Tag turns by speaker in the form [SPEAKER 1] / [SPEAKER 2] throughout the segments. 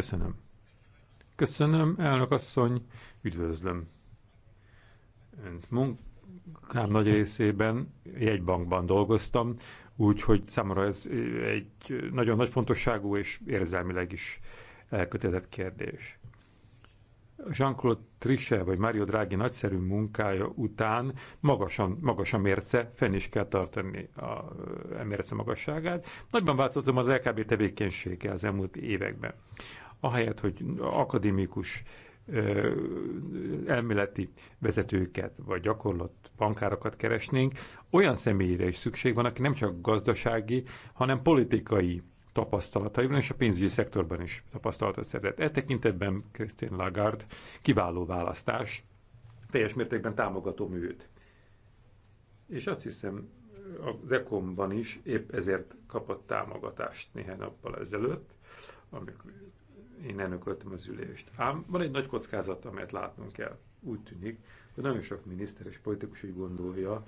[SPEAKER 1] Köszönöm. Köszönöm, elnök asszony, üdvözlöm. Önt munkám nagy részében jegybankban dolgoztam, úgyhogy számomra ez egy nagyon nagy fontosságú és érzelmileg is elkötelezett kérdés. Jean-Claude Trisse vagy Mario Draghi nagyszerű munkája után magasan, magas a mérce, fenn is kell tartani a, a e mérce magasságát. Nagyban változott az LKB tevékenysége az elmúlt években ahelyett, hogy akadémikus elméleti vezetőket, vagy gyakorlat bankárokat keresnénk, olyan személyre is szükség van, aki nem csak gazdasági, hanem politikai tapasztalataiban és a pénzügyi szektorban is tapasztalatot szerzett. E tekintetben Christine Lagarde kiváló választás, teljes mértékben támogató műt. És azt hiszem, az ECOM-ban is épp ezért kapott támogatást néhány nappal ezelőtt, amikor én elnököltem az ülést. Ám van egy nagy kockázat, amelyet látnunk kell. Úgy tűnik, hogy nagyon sok miniszter és politikus úgy gondolja,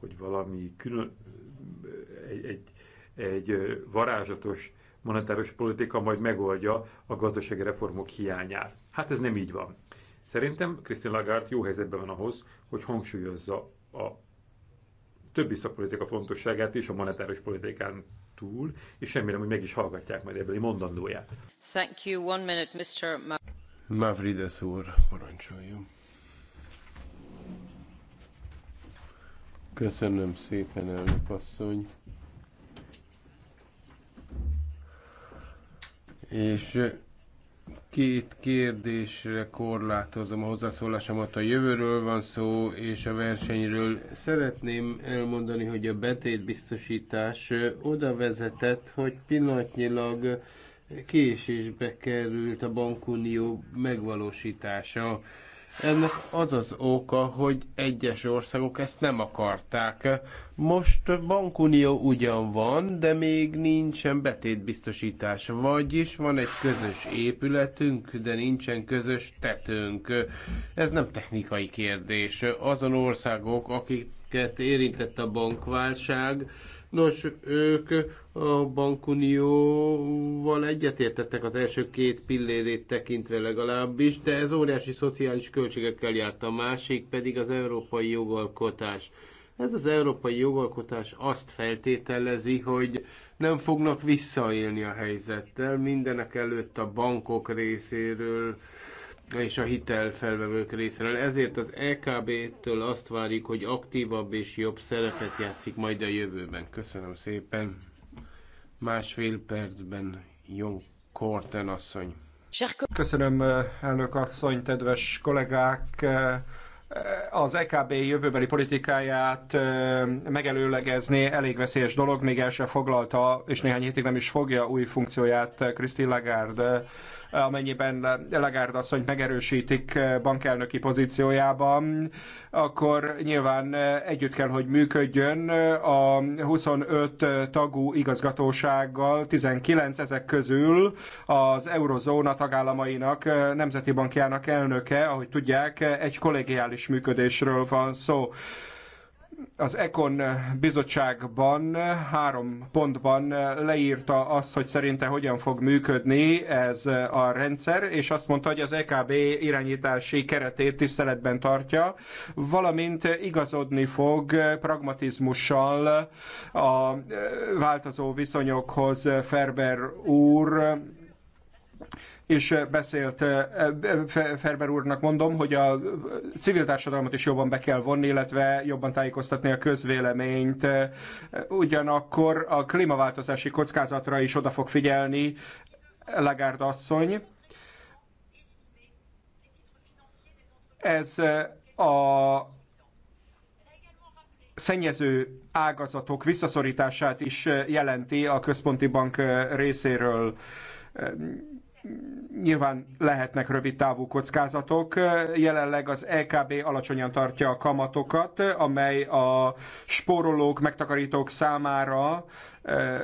[SPEAKER 1] hogy valami külön, egy, egy, egy varázsatos monetáros politika majd megoldja a gazdasági reformok hiányát. Hát ez nem így van. Szerintem Christine Lagarde jó helyzetben van ahhoz, hogy hangsúlyozza a többi szakpolitika fontosságát is a monetáris politikán túl, és remélem, hogy meg is hallgatják majd ebből a mondandóját.
[SPEAKER 2] Thank you. One minute, Mr. Ma-
[SPEAKER 1] Mavrides úr, parancsoljon.
[SPEAKER 3] Köszönöm szépen, elnök asszony. És két kérdésre korlátozom a hozzászólásomat. A jövőről van szó, és a versenyről. Szeretném elmondani, hogy a betétbiztosítás oda vezetett, hogy pillanatnyilag késésbe került a bankunió megvalósítása ennek az az oka, hogy egyes országok ezt nem akarták. Most bankunió ugyan van, de még nincsen betétbiztosítás. Vagyis van egy közös épületünk, de nincsen közös tetőnk. Ez nem technikai kérdés. Azon országok, akiket érintett a bankválság, Nos, ők a bankunióval egyetértettek az első két pillérét tekintve legalábbis, de ez óriási szociális költségekkel járt a másik, pedig az európai jogalkotás. Ez az európai jogalkotás azt feltételezi, hogy nem fognak visszaélni a helyzettel, mindenek előtt a bankok részéről és a hitelfelvevők részéről. Ezért az EKB-től azt várjuk, hogy aktívabb és jobb szerepet játszik majd a jövőben. Köszönöm szépen. Másfél percben jó Korten
[SPEAKER 4] asszony. Köszönöm, elnök asszony, kedves kollégák az EKB jövőbeli politikáját megelőlegezni elég veszélyes dolog, még el sem foglalta, és néhány hétig nem is fogja új funkcióját Christine Lagarde amennyiben Legárd asszonyt megerősítik eh, bankelnöki pozíciójában, akkor nyilván eh, együtt kell, hogy működjön eh, a 25 tagú igazgatósággal, 19 ezek közül az eurozóna tagállamainak nemzeti bankjának elnöke, ahogy tudják, egy kollégiális működésről van szó az Econ bizottságban három pontban leírta azt, hogy szerinte hogyan fog működni ez a rendszer, és azt mondta, hogy az EKB irányítási keretét tiszteletben tartja, valamint igazodni fog pragmatizmussal a változó viszonyokhoz Ferber úr és eh, beszélt, eh, eh, Ferber úrnak mondom, hogy a civil társadalmat is jobban be kell vonni, illetve jobban tájékoztatni a közvéleményt. Ugyanakkor a klímaváltozási kockázatra is oda fog figyelni Lagard asszony. Ez a szennyező ágazatok visszaszorítását is jelenti a központi bank részéről Nyilván lehetnek rövid távú kockázatok. Jelenleg az LKB e alacsonyan tartja a kamatokat, amely a spórolók, megtakarítók számára e,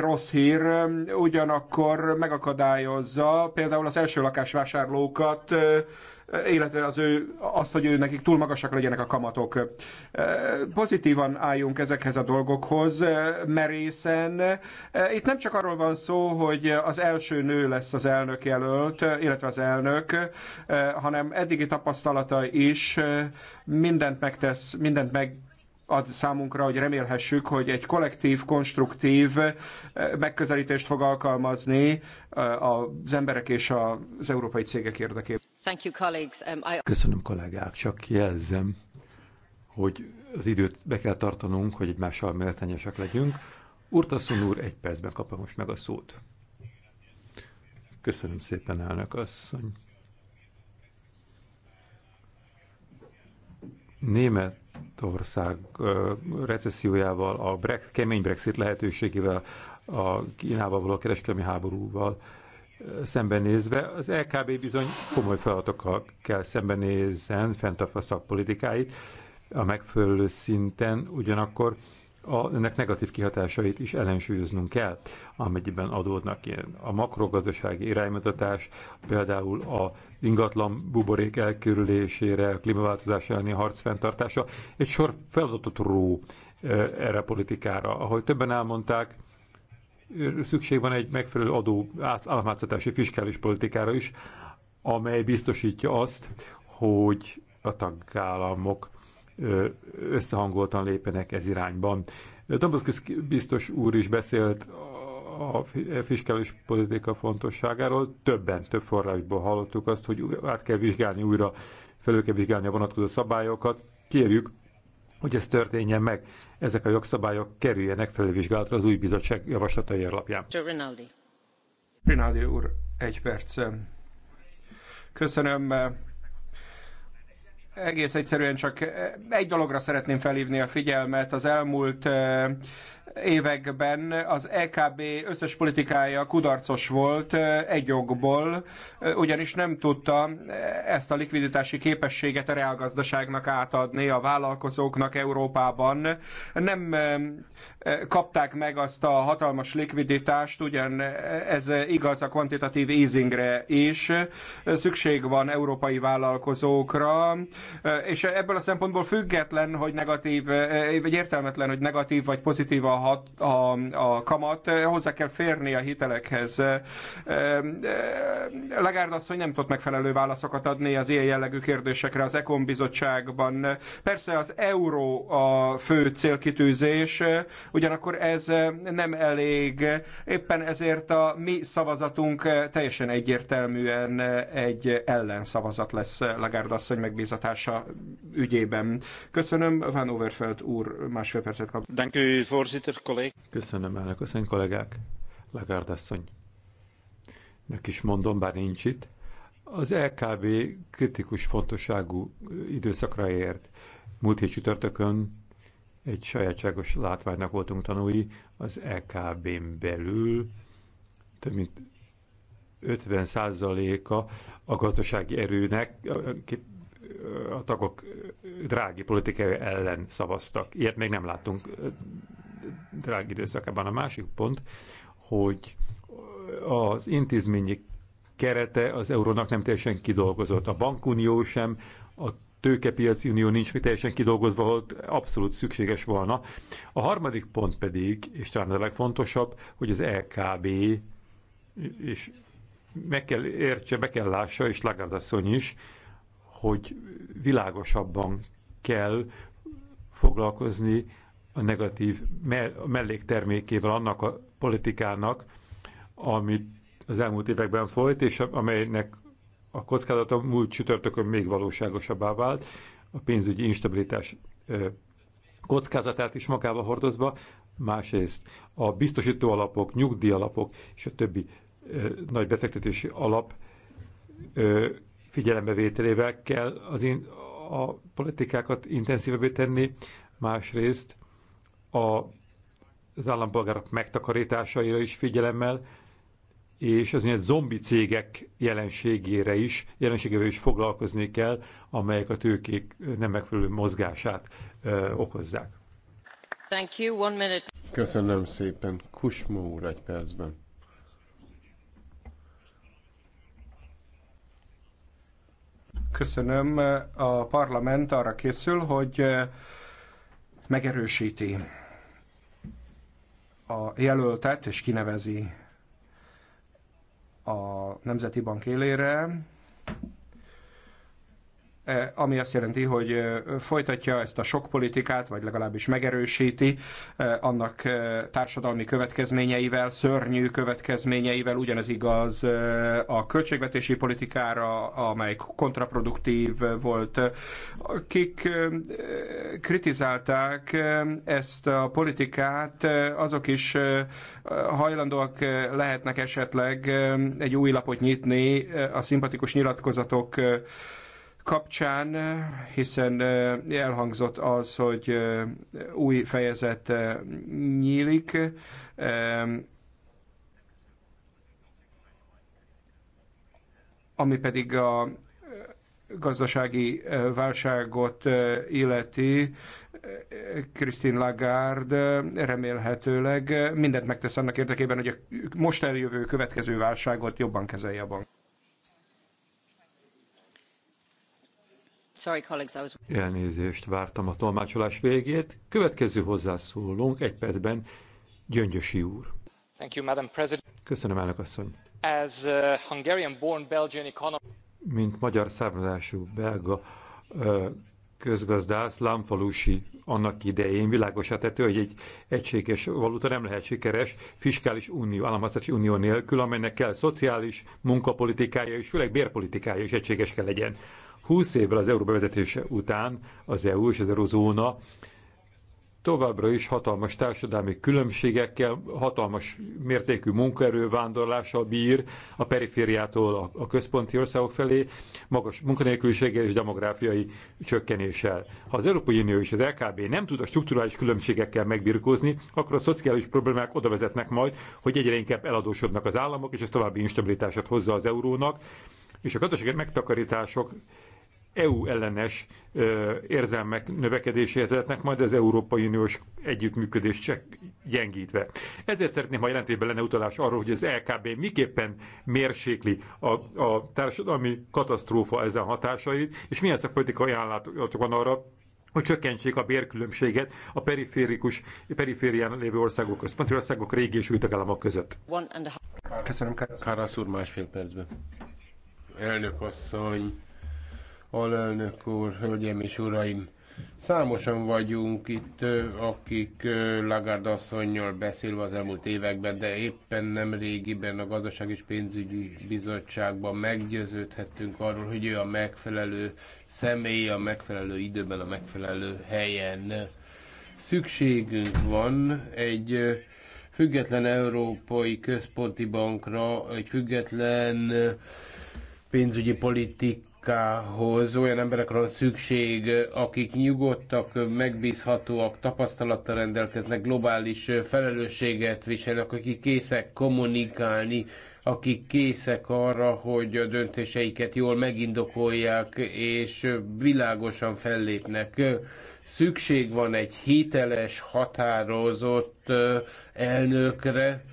[SPEAKER 4] rossz hír, ugyanakkor megakadályozza például az első lakásvásárlókat e, illetve az ő, azt, hogy ő nekik túl magasak legyenek a kamatok. Pozitívan álljunk ezekhez a dolgokhoz, merészen. Itt nem csak arról van szó, hogy az első nő lesz az elnök jelölt, illetve az elnök, hanem eddigi tapasztalata is mindent megtesz, mindent meg ad számunkra, hogy remélhessük, hogy egy kollektív, konstruktív eh, megközelítést fog alkalmazni eh, az emberek és az európai cégek érdekében. Um, Köszönöm kollégák, csak
[SPEAKER 1] jelzem, hogy az időt be kell tartanunk, hogy egymással méltányosak legyünk. Urtaszon úr egy percben kapja most meg a szót. Köszönöm szépen, elnök asszony. Németország recessziójával, a brek, kemény Brexit lehetőségével, a Kínával való kereskedelmi háborúval szembenézve, az LKB bizony komoly feladatokkal kell szembenézzen, fenntartva szakpolitikáit a megfelelő szinten, ugyanakkor a, ennek negatív kihatásait is ellensúlyoznunk kell, amennyiben adódnak ilyen. A makrogazdasági iránymutatás például a ingatlan buborék elkerülésére, a klímaváltozás elleni harc fenntartása egy sor feladatot ró e, erre a politikára. Ahogy többen elmondták, szükség van egy megfelelő adó államháztatási fiskális politikára is, amely biztosítja azt, hogy a tagállamok összehangoltan lépenek ez irányban. Dombrovskis biztos úr is beszélt a fiskális politika fontosságáról. Többen, több forrásból hallottuk azt, hogy át kell vizsgálni újra, felül kell vizsgálni a vonatkozó szabályokat. Kérjük, hogy ez történjen meg. Ezek a jogszabályok kerüljenek felülvizsgálatra az új bizottság javaslatai alapján. Rinaldi úr,
[SPEAKER 4] egy perc. Köszönöm egész egyszerűen csak eh, egy dologra szeretném felhívni a figyelmet. Az elmúlt eh, években az EKB összes politikája kudarcos volt eh, egy jogból, eh, ugyanis nem tudta eh, ezt a likviditási képességet a reálgazdaságnak átadni, a vállalkozóknak Európában. Nem kapták meg azt a hatalmas likviditást, ugyan ez igaz a kvantitatív easingre is. Szükség van európai vállalkozókra, és ebből a szempontból független, hogy negatív, vagy értelmetlen, hogy negatív vagy pozitív a a, hat, a, a kamat, eh, hozzá kell férni a hitelekhez. Eh, eh, Legárd azt, hogy nem tudott megfelelő válaszokat adni az ilyen jellegű kérdésekre az Ekon bizottságban. Persze az euró a fő célkitűzés, ugyanakkor ez nem elég. Éppen ezért a mi szavazatunk teljesen egyértelműen egy ellenszavazat lesz Legárd asszony megbízatása ügyében. Köszönöm, Van Overfeld úr másfél percet kap. Dank
[SPEAKER 1] Köszönöm, elnök asszony, kollégák. Lagard asszony. Nek is mondom, bár nincs itt. Az LKB kritikus fontosságú időszakra ért. Múlt hét csütörtökön egy sajátságos látványnak voltunk tanúi az LKB-n belül. Több mint 50%-a a gazdasági erőnek a tagok drági politikai ellen szavaztak. Ilyet még nem láttunk drág időszakában. A másik pont, hogy az intézményi kerete az eurónak nem teljesen kidolgozott. A bankunió sem, a tőkepiaci unió nincs mi teljesen kidolgozva, ahol abszolút szükséges volna. A harmadik pont pedig, és talán a legfontosabb, hogy az LKB és meg kell értse, be kell lássa, és Lagardasszony is, hogy világosabban kell foglalkozni a negatív melléktermékével annak a politikának, amit az elmúlt években folyt, és amelynek a kockázata múlt csütörtökön még valóságosabbá vált, a pénzügyi instabilitás kockázatát is magába hordozva, másrészt a biztosító alapok, nyugdíjalapok és a többi nagy befektetési alap figyelembevételével kell az in, a politikákat intenzívebbé tenni, másrészt a, az állampolgárok megtakarításaira is figyelemmel, és az ilyen zombi cégek jelenségére is, jelenségével is foglalkozni kell, amelyek a tőkék nem megfelelő mozgását ö, okozzák.
[SPEAKER 2] Thank you. One minute. Köszönöm
[SPEAKER 4] szépen. Kusma úr egy percben. Köszönöm. A parlament arra készül, hogy megerősíti a jelöltet, és kinevezi a Nemzeti Bank élére, Eh, ami azt jelenti, hogy eh, folytatja ezt a sokpolitikát, vagy legalábbis megerősíti eh, annak társadalmi következményeivel, szörnyű következményeivel, ugyanez igaz a költségvetési politikára, amely kontraproduktív volt. Akik kritizálták ezt a politikát, azok is hajlandóak lehetnek esetleg egy új lapot nyitni a szimpatikus nyilatkozatok kapcsán, eh, hiszen eh, elhangzott az, hogy eh, új fejezet nyílik. Ami pedig a gazdasági válságot illeti, Christine Lagarde remélhetőleg mindent megtesz annak érdekében, hogy a most eljövő következő válságot jobban kezelje a bank.
[SPEAKER 2] Sorry, colleagues, I was...
[SPEAKER 1] Elnézést, vártam a tolmácsolás végét. Következő hozzászólunk egy percben, Gyöngyösi úr. Thank you, Madam President. Köszönöm, elnök asszony. As uh, Hungarian-born Belgian economist... Mint magyar származású belga uh, közgazdász Lámfalusi annak idején világosá tette, hogy egy egységes valuta nem lehet sikeres fiskális unió, államhasználási unió nélkül, amelynek kell szociális munkapolitikája és főleg bérpolitikája is egységes kell legyen. 20 évvel az euró bevezetése után az EU és az eurozóna továbbra is hatalmas társadalmi különbségekkel, hatalmas mértékű munkaerővándorlással bír a perifériától a központi országok felé, magas munkanélküliséggel és demográfiai csökkenéssel. Ha az Európai Unió és az LKB nem tud a strukturális különbségekkel megbirkózni, akkor a szociális problémák oda vezetnek majd, hogy egyre inkább eladósodnak az államok, és ez további instabilitását hozza az eurónak, és a gazdasági megtakarítások EU ellenes érzelmek növekedéséhez vezetnek majd az Európai Uniós együttműködés csak gyengítve. Ezért szeretném, ha jelentében lenne utalás arról, hogy az LKB miképpen mérsékli a, a társadalmi katasztrófa ezen hatásait, és milyen szakpolitikai ajánlatok van arra, hogy csökkentsék a bérkülönbséget a periférikus, periférián lévő országok központi országok régi és új tagállamok között. Köszönöm, Kárász úr, másfél percben.
[SPEAKER 3] Elnök asszony, alelnök úr, hölgyeim és uraim! Számosan vagyunk itt, akik Lagarde asszonynal beszélve az elmúlt években, de éppen nem régiben a Gazdaság és Pénzügyi Bizottságban meggyőződhettünk arról, hogy ő a megfelelő személy, a megfelelő időben, a megfelelő helyen. Szükségünk van egy független Európai Központi Bankra, egy független pénzügyi politik munkához olyan emberekre van szükség, akik nyugodtak, megbízhatóak, tapasztalattal rendelkeznek, globális felelősséget viselnek, akik készek kommunikálni, akik készek arra, hogy a döntéseiket jól megindokolják, és világosan fellépnek. Szükség van egy hiteles, határozott elnökre,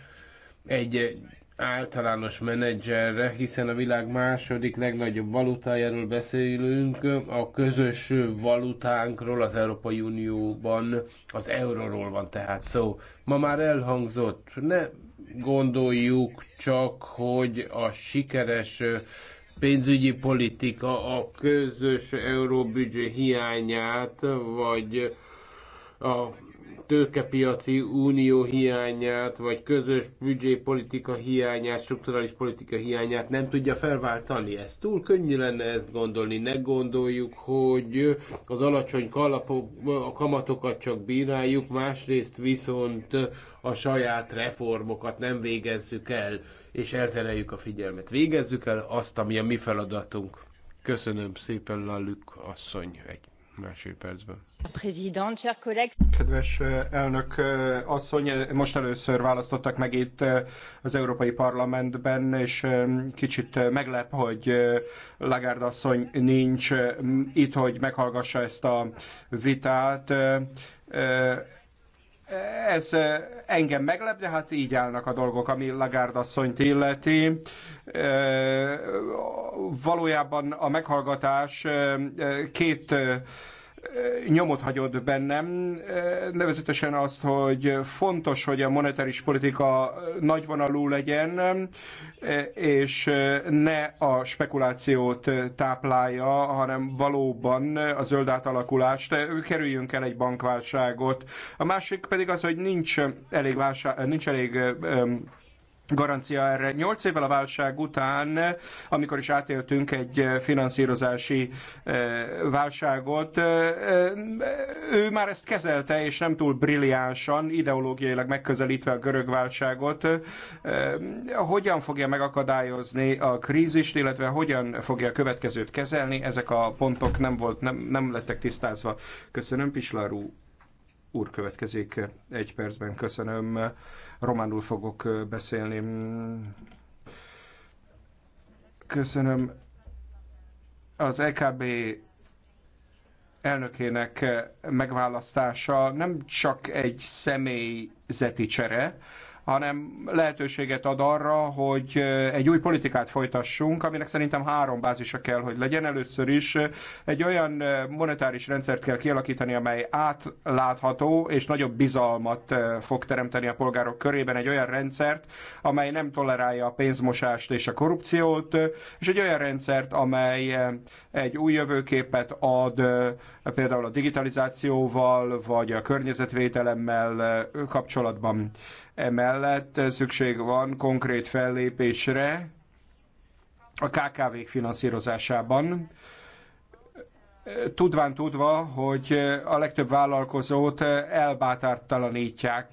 [SPEAKER 3] egy általános menedzserre, hiszen a világ második legnagyobb valutájáról beszélünk, a közös valutánkról az Európai Unióban, az euróról van tehát szó. Ma már elhangzott, ne gondoljuk csak, hogy a sikeres pénzügyi politika a közös euróbüdzsé hiányát, vagy a tőkepiaci unió hiányát, vagy közös büdzsépolitika hiányát, strukturális politika hiányát nem tudja felváltani. Ez túl könnyű lenne ezt gondolni. Ne gondoljuk, hogy az alacsony kalapok, a kamatokat csak bíráljuk, másrészt viszont a saját reformokat nem végezzük el, és eltereljük a figyelmet. Végezzük el azt, ami a mi feladatunk. Köszönöm szépen, Lallük asszony, egy másfél percben.
[SPEAKER 4] Kedves eh, elnök eh, asszony, eh, most először választottak meg itt az Európai Parlamentben, és kicsit meglep, hogy Lagarde asszony nincs itt, hogy meghallgassa ezt a vitát ez eh, engem meglep, de hát így állnak a dolgok, ami Lagarde asszonyt illeti. Eh, valójában a meghallgatás eh, két nyomot hagyott bennem, nevezetesen azt, hogy fontos, hogy a monetáris politika nagyvonalú legyen, és ne a spekulációt táplálja, hanem valóban a zöld átalakulást, kerüljünk el egy bankválságot. A másik pedig az, hogy nincs elég, válság, nincs elég garancia erre. Nyolc évvel a válság után, amikor is átéltünk egy eh, finanszírozási eh, válságot, eh, ő már ezt kezelte, és nem túl brilliánsan, ideológiailag megközelítve a görög válságot. Hogyan fogja megakadályozni a krízist, illetve hogyan fogja a következőt kezelni? Ezek a pontok nem, volt, nem, nem lettek tisztázva. Köszönöm, Pislarú úr következik egy percben. Köszönöm románul fogok beszélni. Mm. Köszönöm. Az EKB elnökének megválasztása nem csak egy személyzeti csere, hanem lehetőséget ad arra, hogy egy új politikát folytassunk, aminek szerintem három bázisa kell, hogy legyen. Először is egy olyan monetáris rendszert kell kialakítani, amely átlátható és nagyobb bizalmat fog teremteni a polgárok körében, egy olyan rendszert, amely nem tolerálja a pénzmosást és a korrupciót, és egy olyan rendszert, amely egy új jövőképet ad például a digitalizációval, vagy a környezetvédelemmel kapcsolatban. Emellett szükség van konkrét fellépésre a KKV-k finanszírozásában, tudván tudva, hogy a legtöbb vállalkozót elbátártalanítják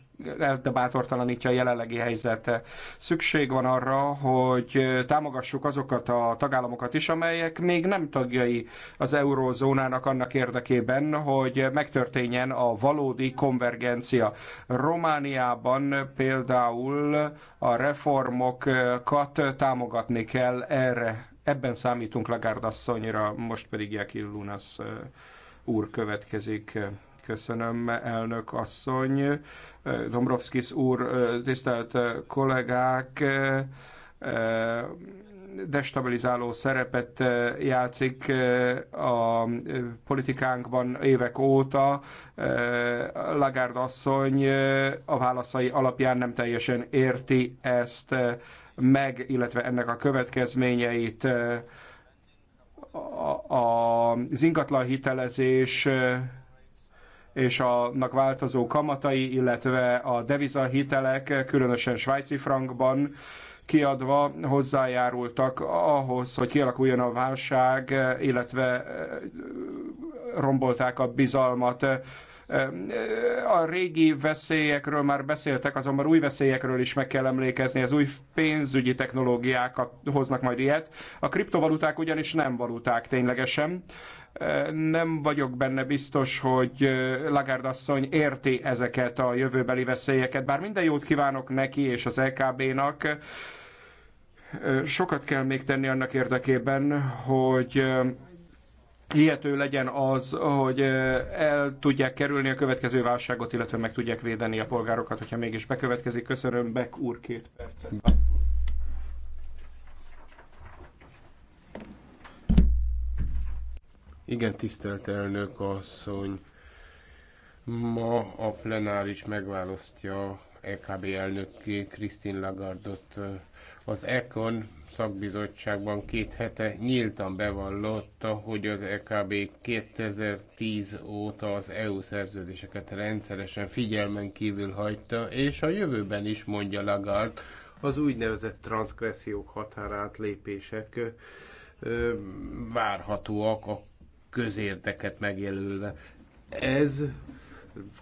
[SPEAKER 4] de bátortalanítja a jelenlegi helyzet. Szükség van arra, hogy támogassuk azokat a tagállamokat is, amelyek még nem tagjai az eurózónának annak érdekében, hogy megtörténjen a valódi konvergencia. Romániában például a reformokat támogatni kell erre. Ebben számítunk Lagarde asszonyra, most pedig Jekyll Lunas úr következik. Köszönöm, elnök asszony, Dombrovskis úr, tisztelt kollégák, destabilizáló szerepet játszik a politikánkban évek óta. Lagarde asszony a válaszai alapján nem teljesen érti ezt meg, illetve ennek a következményeit. Az ingatlan hitelezés és annak változó kamatai, illetve a devizahitelek, különösen svájci frankban kiadva hozzájárultak ahhoz, hogy kialakuljon a válság, illetve eh, rombolták a bizalmat eh, eh, a régi veszélyekről már beszéltek, azonban új veszélyekről is meg kell emlékezni. Az új pénzügyi technológiák hoznak majd ilyet. A kriptovaluták ugyanis nem valuták ténylegesen nem vagyok benne biztos, hogy Lagarde asszony érti ezeket a jövőbeli veszélyeket, bár minden jót kívánok neki és az LKB-nak. E sokat kell még tenni annak érdekében, hogy hihető legyen az, hogy el tudják kerülni a következő válságot, illetve meg tudják védeni a polgárokat, hogyha mégis bekövetkezik. Köszönöm, Beck úr, két percet.
[SPEAKER 3] Igen, tisztelt elnök asszony, ma a plenáris megválasztja EKB elnökké Krisztin Lagardot. Az ECON szakbizottságban két hete nyíltan bevallotta, hogy az EKB 2010 óta az EU szerződéseket rendszeresen figyelmen kívül hagyta, és a jövőben is mondja Lagard, az úgynevezett transzgressziók határátlépések várhatóak a közérdeket megjelölve. Ez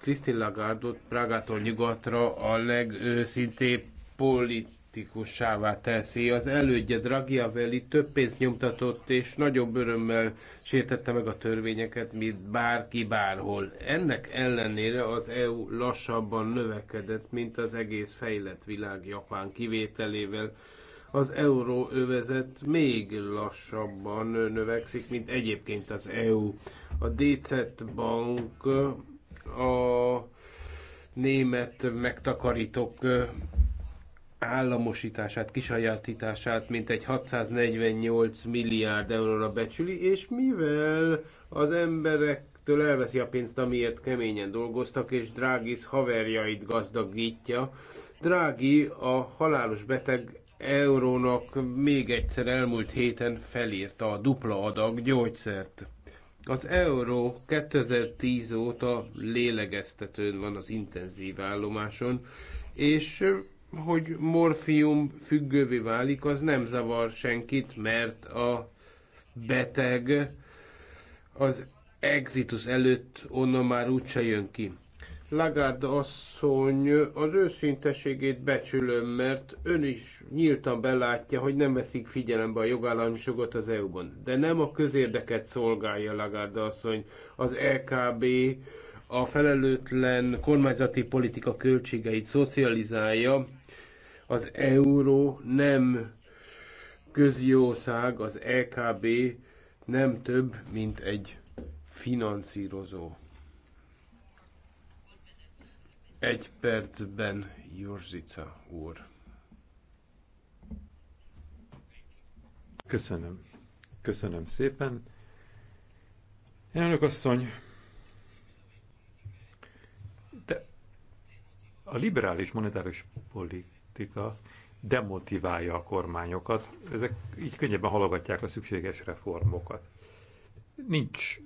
[SPEAKER 3] Krisztin Lagardot Pragától nyugatra a legőszintébb politikussává teszi. Az elődje Dragiavelli több pénzt nyomtatott, és nagyobb örömmel sértette meg a törvényeket, mint bárki bárhol. Ennek ellenére az EU lassabban növekedett, mint az egész fejlett világ Japán kivételével az euróövezet még lassabban növekszik, mint egyébként az EU. A DZ Bank a német megtakarítók államosítását, kisajátítását mintegy 648 milliárd euróra becsüli, és mivel az emberektől elveszi a pénzt, amiért keményen dolgoztak, és Drágis haverjait gazdagítja, Drági a halálos beteg eurónak még egyszer elmúlt héten felírta a dupla adag gyógyszert. Az euró 2010 óta lélegeztetőn van az intenzív állomáson, és hogy morfium függővé válik, az nem zavar senkit, mert a beteg az exitus előtt onnan már úgyse jön ki. Lagarde asszony az őszinteségét becsülöm, mert ön is nyíltan belátja, hogy nem veszik figyelembe a jogállamiságot az EU-ban. De nem a közérdeket szolgálja Lagarde asszony. Az LKB e a felelőtlen kormányzati politika költségeit szocializálja. Az euró nem közjószág, az LKB e nem több, mint egy finanszírozó. Egy percben
[SPEAKER 1] Jurzica úr. Köszönöm. Köszönöm szépen. Elnök asszony, de a liberális monetáris politika demotiválja a kormányokat, ezek így könnyebben halogatják a szükséges reformokat. Nincs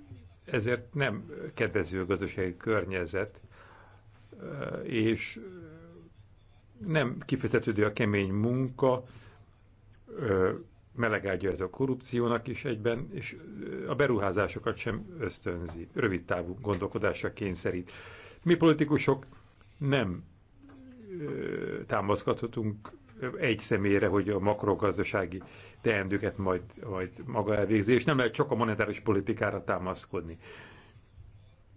[SPEAKER 1] ezért nem kedvező a gazdasági környezet és nem kifizetődő a kemény munka, melegágyja ez a korrupciónak is egyben, és a beruházásokat sem ösztönzi, rövid távú gondolkodásra kényszerít. Mi politikusok nem támaszkodhatunk egy személyre, hogy a makrogazdasági teendőket majd, majd maga elvégzi, és nem lehet csak a monetáris politikára támaszkodni.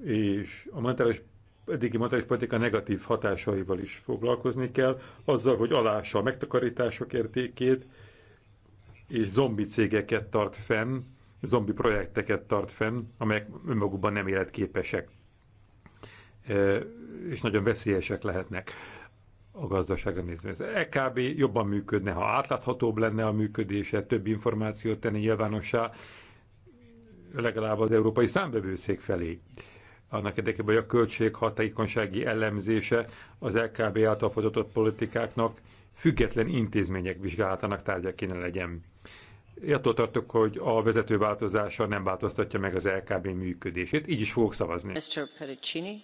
[SPEAKER 1] És a monetáris eddigi monetáris politika negatív hatásaival is foglalkozni kell, azzal, hogy alássa a megtakarítások értékét, és zombi cégeket tart fenn, zombi projekteket tart fenn, amelyek önmagukban nem életképesek, e, és nagyon veszélyesek lehetnek a gazdaságra nézve. Ez EKB jobban működne, ha átláthatóbb lenne a működése, több információt tenni nyilvánossá, legalább az Európai Számbevőszék felé annak érdekében, hogy a költség hatékonysági ellenzése az LKB által folytatott politikáknak független intézmények vizsgálatának tárgya kéne legyen. Attól tartok, hogy a vezető változása nem változtatja meg az LKB működését. Így is fogok
[SPEAKER 4] szavazni.
[SPEAKER 2] Mr. Pericini.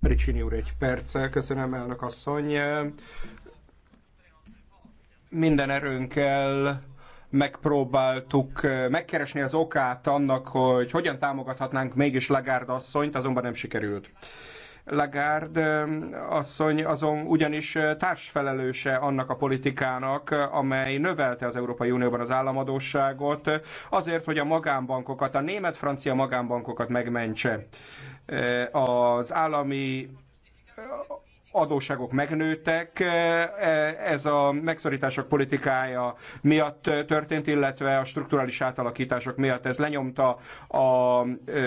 [SPEAKER 4] Pericini úr, egy perccel. Köszönöm, elnök asszony. Minden erőnkkel megpróbáltuk megkeresni az okát annak, hogy hogyan támogathatnánk mégis Lagarde asszonyt, azonban nem sikerült. Lagarde asszony azon ugyanis társfelelőse annak a politikának, amely növelte az Európai Unióban az államadóságot, azért, hogy a magánbankokat, a német-francia magánbankokat megmentse. Az állami adósságok megnőttek, e, e, ez a megszorítások politikája miatt történt, illetve a strukturális átalakítások miatt ez lenyomta a e,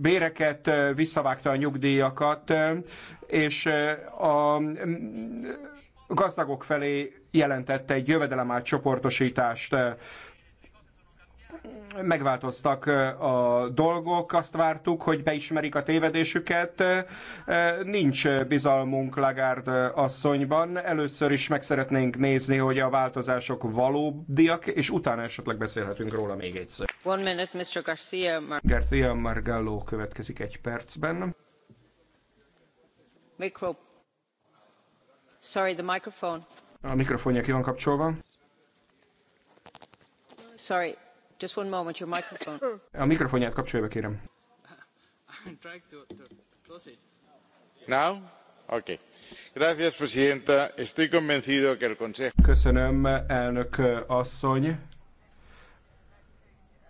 [SPEAKER 4] béreket, visszavágta a nyugdíjakat, és a gazdagok felé jelentette egy jövedelem csoportosítást megváltoztak a dolgok, azt vártuk, hogy beismerik a tévedésüket. Nincs bizalmunk Lagard asszonyban. Először is meg szeretnénk nézni, hogy a változások valódiak, és utána esetleg beszélhetünk róla még egyszer.
[SPEAKER 2] One minute, Mr. Garcia, Mar-
[SPEAKER 4] Garcia Margallo következik egy percben.
[SPEAKER 2] Mikro. Sorry, the microphone.
[SPEAKER 4] A mikrofonja ki van kapcsolva.
[SPEAKER 2] Sorry, Just one moment, your microphone.
[SPEAKER 4] A mikrofonját kapcsolja be, kérem. I'm trying to,
[SPEAKER 3] close it. Now? Okay. Gracias, presidenta. Estoy convencido que el Consejo...
[SPEAKER 4] Köszönöm, elnök asszony.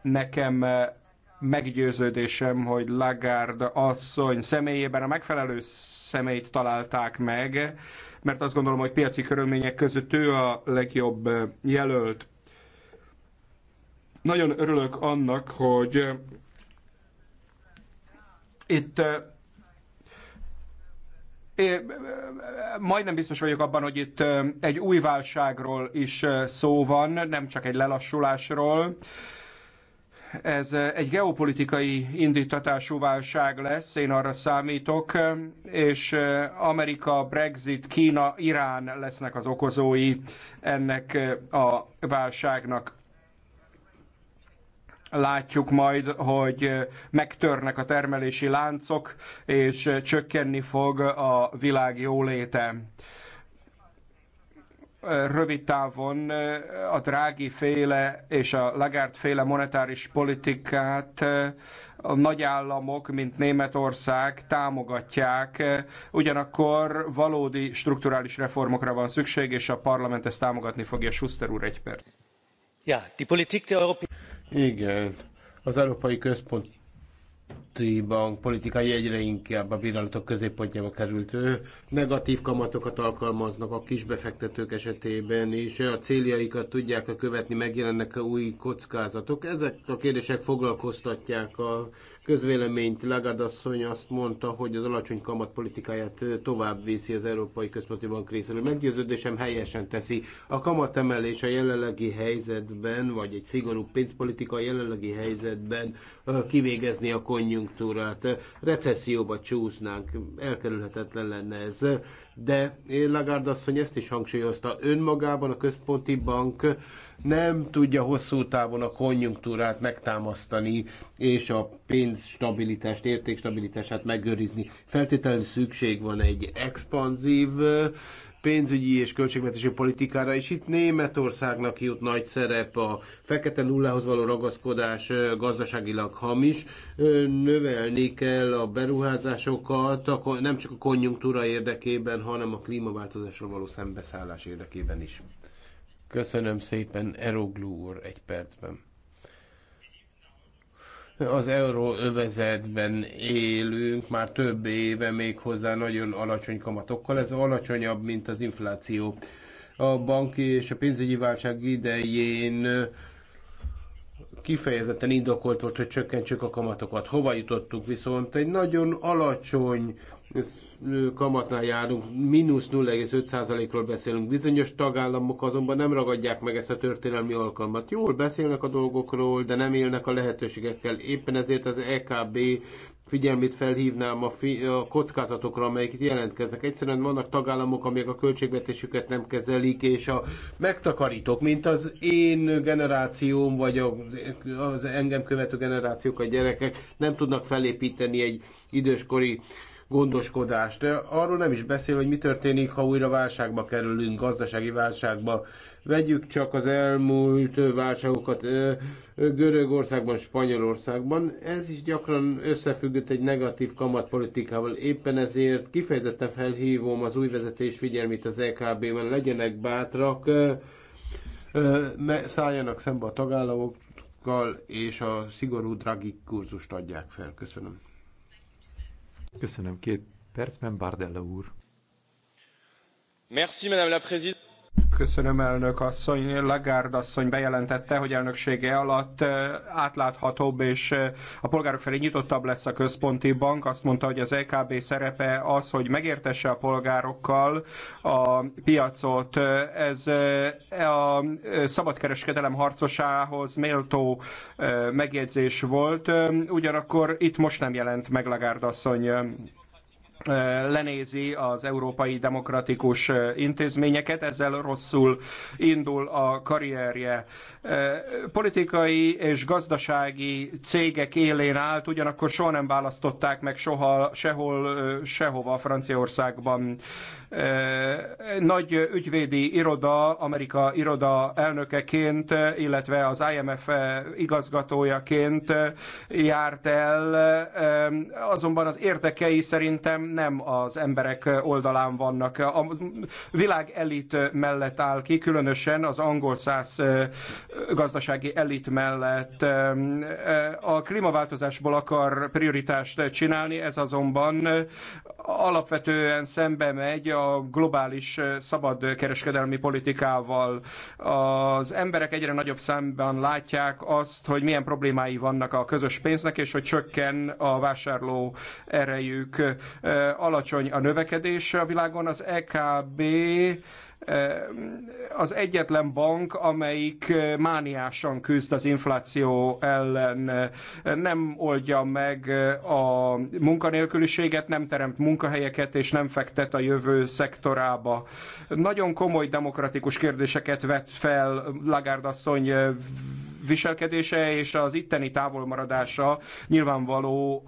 [SPEAKER 4] Nekem meggyőződésem, hogy Lagarde asszony személyében a megfelelő személyt találták meg, mert azt gondolom, hogy piaci körülmények között ő a legjobb jelölt. Nagyon örülök annak, hogy eh, itt én eh, eh, majdnem biztos vagyok abban, hogy itt egy új válságról is szó van, nem csak egy lelassulásról. Ez egy geopolitikai indítatású válság lesz, én arra számítok, és Amerika, Brexit, Kína, Irán lesznek az okozói ennek a válságnak látjuk majd, hogy megtörnek a termelési láncok, és csökkenni fog a világ jóléte. Rövid távon a drági féle és a Lagarde féle monetáris politikát a nagyállamok, mint Németország támogatják, ugyanakkor valódi strukturális reformokra van szükség, és a parlament ezt támogatni fogja. Schuster úr, egy perc.
[SPEAKER 3] Ja, die Politik der Europäischen igen, az Európai központi bank politikai egyre inkább a bírálatok középpontjába került. Negatív kamatokat alkalmaznak a kisbefektetők esetében, és a céljaikat tudják követni, megjelennek a új kockázatok. Ezek a kérdések foglalkoztatják a közvéleményt. Lagarde asszony azt mondta, hogy az alacsony kamat politikáját tovább viszi az Európai Központi Bank részéről. Meggyőződésem helyesen teszi. A kamatemelés a jelenlegi helyzetben, vagy egy szigorú pénzpolitika a jelenlegi helyzetben kivégezni a konjunktúrát. Recesszióba csúsznánk, elkerülhetetlen lenne ez de Lagarde asszony ezt is hangsúlyozta, önmagában a központi bank nem tudja hosszú távon a konjunktúrát megtámasztani, és a pénzstabilitást, értékstabilitását megőrizni. Feltétlenül szükség van egy expanzív pénzügyi és költségvetési politikára, és itt Németországnak jut nagy szerep a fekete nullához való ragaszkodás gazdaságilag hamis, növelni kell a beruházásokat, nem csak a konjunktúra érdekében, hanem a klímaváltozásra való szembeszállás érdekében is. Köszönöm szépen, Eroglu úr, egy percben. Az euróövezetben élünk már több éve még hozzá nagyon alacsony kamatokkal. Ez alacsonyabb, mint az infláció. A banki és a pénzügyi válság idején kifejezetten indokolt volt, hogy csökkentsük a kamatokat. Hova jutottuk viszont? Egy nagyon alacsony kamatnál járunk, mínusz 0,5%-ról beszélünk. Bizonyos tagállamok azonban nem ragadják meg ezt a történelmi alkalmat. Jól beszélnek a dolgokról, de nem élnek a lehetőségekkel. Éppen ezért az EKB figyelmét felhívnám a, fi- a kockázatokra, amelyek itt jelentkeznek. Egyszerűen vannak tagállamok, amelyek a költségvetésüket nem kezelik, és a megtakarítók, mint az én generációm, vagy a, az engem követő generációk, a gyerekek nem tudnak felépíteni egy időskori uh, gondoskodást. Arról nem is beszél, hogy mi történik, ha újra válságba kerülünk, gazdasági válságba. Vegyük csak az elmúlt válságokat Görögországban, Spanyolországban. Ez is gyakran összefüggött egy negatív kamatpolitikával. Éppen ezért kifejezetten felhívom az új vezetés figyelmét az EKB-ben, legyenek bátrak, szálljanak szembe a tagállamokkal, és a szigorú dragi kurzust adják fel. Köszönöm.
[SPEAKER 4] Köszönöm két percben, Bardella úr.
[SPEAKER 2] Merci, Madame la Présidente.
[SPEAKER 4] Köszönöm, elnök asszony. Lagarde asszony bejelentette, hogy elnöksége alatt átláthatóbb és a polgárok felé nyitottabb lesz a központi bank. Azt mondta, hogy az EKB szerepe az, hogy megértesse a polgárokkal a piacot. Ez a szabadkereskedelem harcosához méltó megjegyzés volt. Ugyanakkor itt most nem jelent meg Lagarde asszony lenézi az európai demokratikus intézményeket, ezzel rosszul indul a karrierje. Politikai és gazdasági cégek élén állt, ugyanakkor soha nem választották meg soha, sehol, sehova Franciaországban. Nagy ügyvédi iroda, Amerika iroda elnökeként, illetve az IMF igazgatójaként járt el, azonban az érdekei szerintem nem az emberek oldalán vannak. A világ elit mellett áll ki, különösen az angol száz gazdasági elit mellett. A klímaváltozásból akar prioritást csinálni, ez azonban alapvetően szembe megy a globális szabad kereskedelmi politikával. Az emberek egyre nagyobb számban látják azt, hogy milyen problémái vannak a közös pénznek, és hogy csökken a vásárló erejük. Eh, alacsony a növekedés a világon, az EKB eh, az egyetlen bank, amelyik eh, mániásan küzd az infláció ellen, nem oldja meg a munkanélküliséget, nem teremt munkahelyeket, és nem fektet a jövő szektorába. Nagyon komoly demokratikus kérdéseket vett fel Lagarde asszony viselkedése és az itteni távolmaradása nyilvánvaló,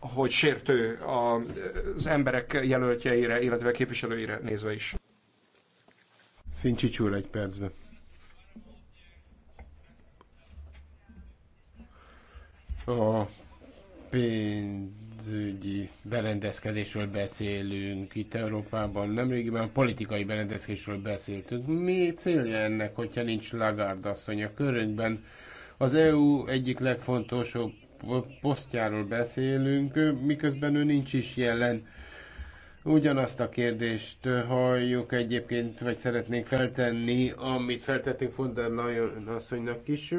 [SPEAKER 4] hogy sértő az emberek jelöltjeire, illetve képviselőire nézve is.
[SPEAKER 3] Szincsics úr egy percben. A pénz pénzügyi berendezkedésről beszélünk itt Európában, nemrégiben politikai berendezkedésről beszéltünk. Mi célja ennek, hogyha nincs Lagarde asszony a körünkben? Az EU egyik legfontosabb posztjáról beszélünk, miközben ő nincs is jelen. Ugyanazt a kérdést halljuk egyébként, vagy szeretnénk feltenni, amit feltettünk von der Leyen asszonynak is.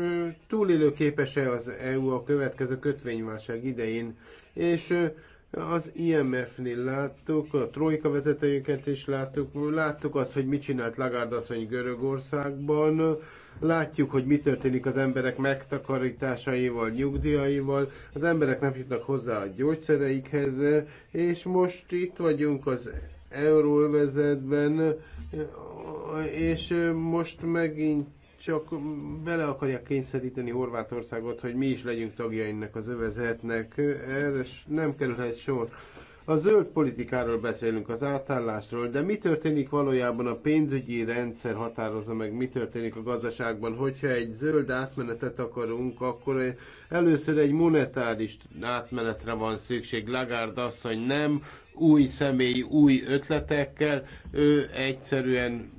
[SPEAKER 3] Túlélő képes-e az EU a következő kötvényválság idején? és az IMF-nél láttuk, a trojka vezetőjüket is láttuk, láttuk azt, hogy mit csinált Lagarde asszony Görögországban, látjuk, hogy mi történik az emberek megtakarításaival, nyugdíjaival, az emberek nem jutnak hozzá a gyógyszereikhez, és most itt vagyunk az euróövezetben, és most megint csak bele akarják kényszeríteni Horvátországot, hogy mi is legyünk tagja ennek az övezetnek. Erre nem kerülhet sor. A zöld politikáról beszélünk, az átállásról, de mi történik valójában a pénzügyi rendszer határozza meg, mi történik a gazdaságban. Hogyha egy zöld átmenetet akarunk, akkor először egy monetáris átmenetre van szükség. Lagard asszony nem új személy, új ötletekkel, ő egyszerűen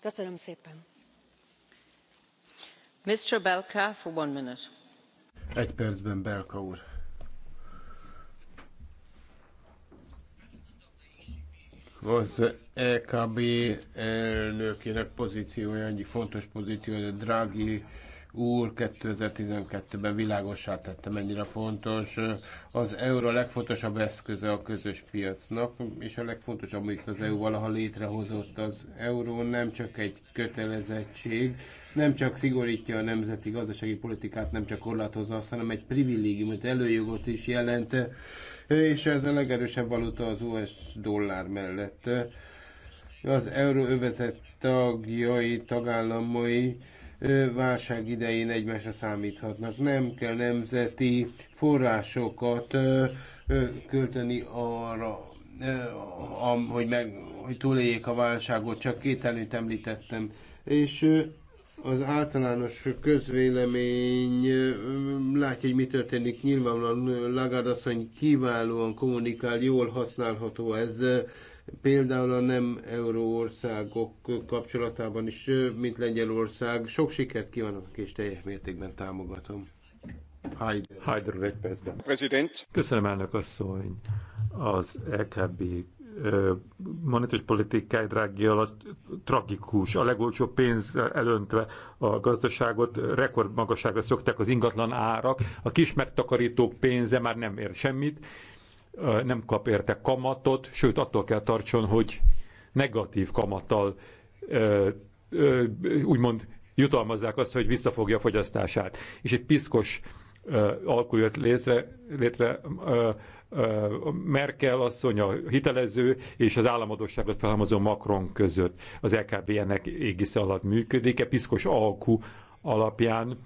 [SPEAKER 2] köszönöm szépen! egy percben
[SPEAKER 3] belka úr. az ekb elnökének pozciója egyik fontos a draghi úr 2012-ben világossá tette, mennyire fontos. Az euró a legfontosabb eszköze a közös piacnak, és a legfontosabb, amit az EU valaha létrehozott. Az euró nem csak egy kötelezettség, nem csak szigorítja a nemzeti gazdasági politikát, nem csak korlátozza azt, hanem egy privilégiumot, előjogot is jelent, és ez a legerősebb valuta az US dollár mellett. Az euró övezett tagjai, tagállamai válság idején egymásra számíthatnak. Nem kell nemzeti forrásokat költeni arra, hogy, meg, hogy túléljék a válságot, csak két előtt említettem. És az általános közvélemény látja, hogy mi történik. Nyilvánvalóan Lagarde asszony kiválóan kommunikál, jól használható ez például a nem országok kapcsolatában is, mint Lengyelország. Sok sikert kívánok, és teljes mértékben támogatom.
[SPEAKER 1] Heider. egy percben. President. Köszönöm, elnök asszony. Az EKB monetáris politikáj drági alatt tragikus. A legolcsóbb pénz elöntve a gazdaságot, rekordmagasságra szokták az ingatlan árak, a kis megtakarítók pénze már nem ér semmit, nem kap érte kamatot, sőt attól kell tartson, hogy negatív kamattal úgymond jutalmazzák azt, hogy visszafogja a fogyasztását. És egy piszkos alkul jött létre, létre Merkel asszony, a hitelező és az államadóságot felhalmozó Macron között. Az LKB ennek égisze alatt működik. E piszkos alkú alapján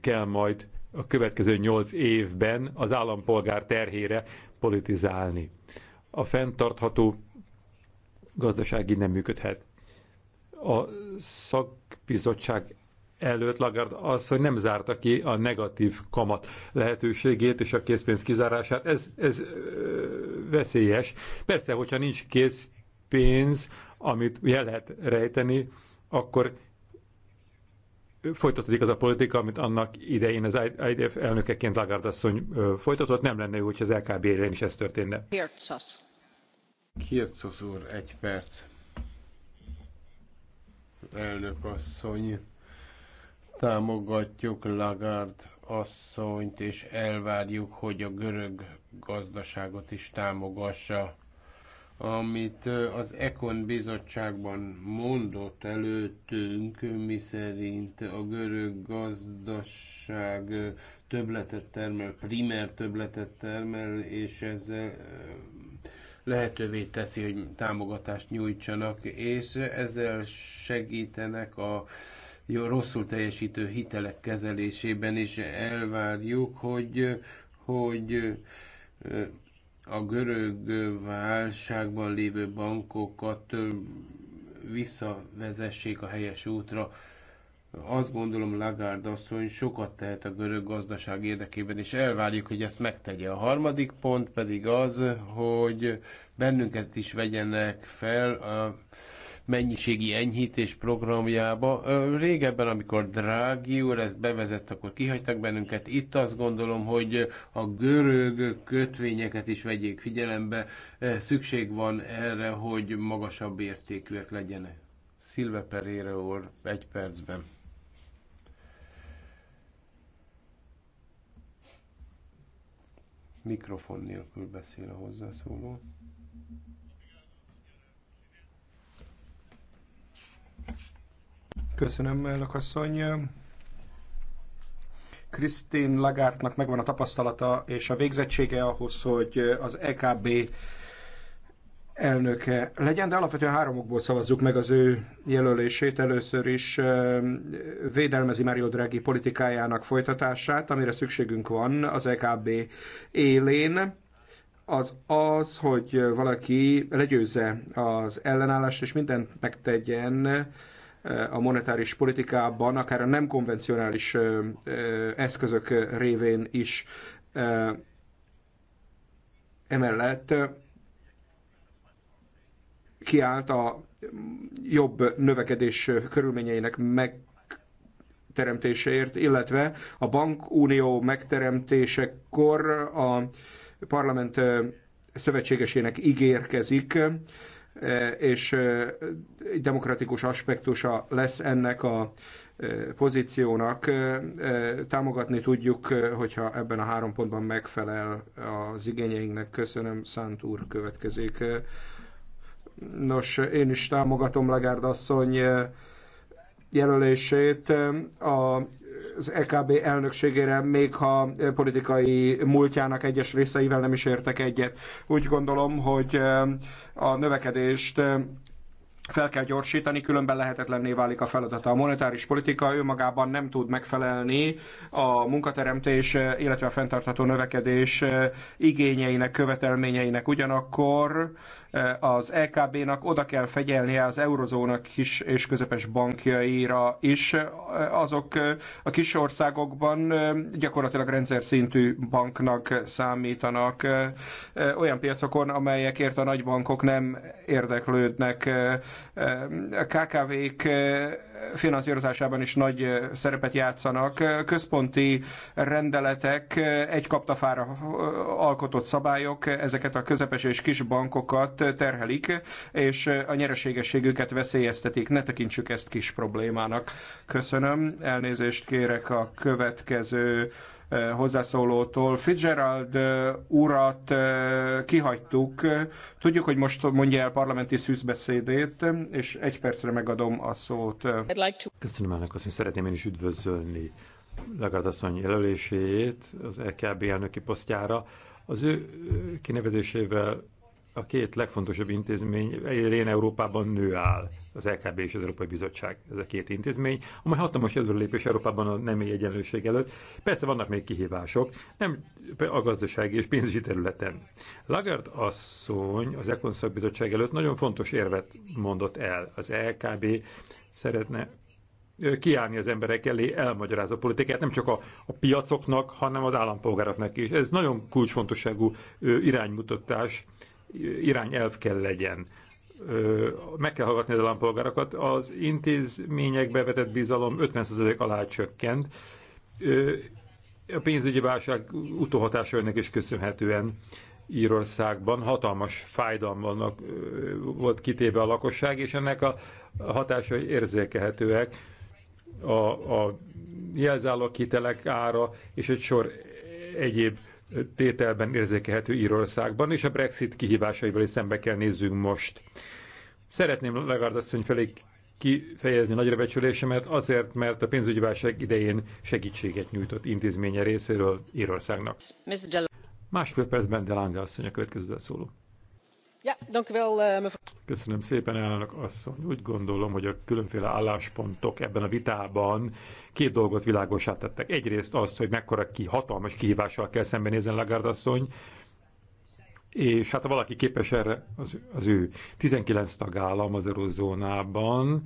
[SPEAKER 1] kell majd a következő nyolc évben az állampolgár terhére politizálni. A fenntartható gazdasági nem működhet. A szakbizottság előtt Lagarde az, hogy nem zárta ki a negatív kamat lehetőségét és a készpénz kizárását. Ez, ez veszélyes. Persze, hogyha nincs készpénz, amit el lehet rejteni, akkor folytatódik az a politika, amit annak idején az IDF elnökeként Lagarde asszony folytatott, nem lenne jó, hogy az LKB idején is ez történne.
[SPEAKER 5] Kirtsos.
[SPEAKER 3] Kirtsos úr,
[SPEAKER 1] egy perc.
[SPEAKER 3] Elnök asszony, támogatjuk Lagarde asszonyt, és elvárjuk, hogy a görög gazdaságot is támogassa amit az Ekon bizottságban mondott előttünk, miszerint a görög gazdaság többletet termel, primer többletet termel, és ezzel lehetővé teszi, hogy támogatást nyújtsanak, és ezzel segítenek a jó, rosszul teljesítő hitelek kezelésében is elvárjuk, hogy, hogy a görög válságban lévő bankokat visszavezessék a helyes útra. Azt gondolom Lagarde asszony sokat tehet a görög gazdaság érdekében, és elvárjuk, hogy ezt megtegye. A harmadik pont pedig az, hogy bennünket is vegyenek fel a mennyiségi enyhítés programjába. Régebben, amikor Drági úr ezt bevezett, akkor kihagytak bennünket. Itt azt gondolom, hogy a görög kötvényeket is vegyék figyelembe. Szükség van erre, hogy magasabb értékűek legyenek. Szilve Perére úr, egy percben. Mikrofon nélkül beszél a hozzászóló.
[SPEAKER 4] Köszönöm, elnök asszony. Krisztin Lagártnak megvan a tapasztalata és a végzettsége ahhoz, hogy az EKB elnöke legyen, de alapvetően háromokból szavazzuk meg az ő jelölését. Először is védelmezi Mario Draghi politikájának folytatását, amire szükségünk van az EKB élén az az, hogy valaki legyőzze az ellenállást, és mindent megtegyen a monetáris politikában, akár a nem konvencionális eszközök révén is. Emellett kiállt a jobb növekedés körülményeinek meg teremtéséért, illetve a bankunió megteremtésekor a parlament szövetségesének ígérkezik, Eh, és eh, demokratikus aspektusa lesz ennek a eh, pozíciónak. Támogatni tudjuk, hogyha ebben a három pontban megfelel az igényeinknek. Köszönöm, Szánt úr következik. Nos, én is támogatom Legárd asszony jelölését. A az EKB elnökségére, még ha politikai múltjának egyes részeivel nem is értek egyet. Úgy gondolom, hogy eh, a növekedést eh, fel kell gyorsítani, különben lehetetlenné válik a feladata. A monetáris politika önmagában nem tud megfelelni a munkateremtés, eh, illetve a fenntartható növekedés igényeinek, követelményeinek. Ugyanakkor az LKB-nak e oda kell fegyelnie az eurozónak kis és közepes bankjaira is. Azok a kis országokban gyakorlatilag rendszer szintű banknak számítanak olyan piacokon, amelyekért a nagybankok nem érdeklődnek. A KKV-k finanszírozásában is nagy szerepet játszanak. Központi rendeletek, egy kaptafára alkotott szabályok ezeket a közepes és kis bankokat terhelik, és a nyereségességüket veszélyeztetik. Ne tekintsük ezt kis problémának. Köszönöm, elnézést kérek a következő hozzászólótól. Fitzgerald urat kihagytuk. Tudjuk, hogy most mondja el parlamenti szűzbeszédét, és egy percre megadom a szót. Köszönöm elnök azt, hogy
[SPEAKER 1] szeretném én is üdvözölni Lagarde asszony jelöléséjét az EKB elnöki posztjára. Az ő kinevezésével a két legfontosabb intézmény egyrén Európában nő áll az LKB és az Európai Bizottság, ez a két intézmény, amely hatalmas előrelépés Európában a nemi egyenlőség előtt. Persze vannak még kihívások, nem a gazdasági és pénzügyi területen. Lagard asszony az Ekon szakbizottság előtt nagyon fontos érvet mondott el. Az LKB szeretne kiállni az emberek elé, elmagyarázza a politikát, nem csak a, a piacoknak, hanem az állampolgároknak is. Ez nagyon kulcsfontosságú iránymutatás, irányelv kell legyen meg kell hallgatni az állampolgárokat. Az intézményekbe vetett bizalom 50% alá csökkent. A pénzügyi válság utóhatása önnek is köszönhetően Írországban hatalmas fájdalmannak volt kitéve a lakosság, és ennek a hatásai érzékelhetőek. A, a jelzálló kitelek ára és egy sor egyéb tételben érzékelhető Írországban, és a Brexit kihívásaival is szembe kell nézzünk most. Szeretném Legard asszony felé kifejezni nagyra becsülésemet azért, mert a pénzügyi válság idején segítséget nyújtott intézménye részéről Írországnak. Másfél percben Delange asszony a következő szóló.
[SPEAKER 5] Eh,
[SPEAKER 1] Köszönöm szépen, elnök asszony. Úgy gondolom, hogy a különféle álláspontok ebben a vitában két dolgot világosát tettek. Egyrészt azt, hogy mekkora ki hatalmas kihívással kell szembenézni Lagarde asszony, és hát ha valaki képes erre, az, az ő 19 tagállam az eurozónában,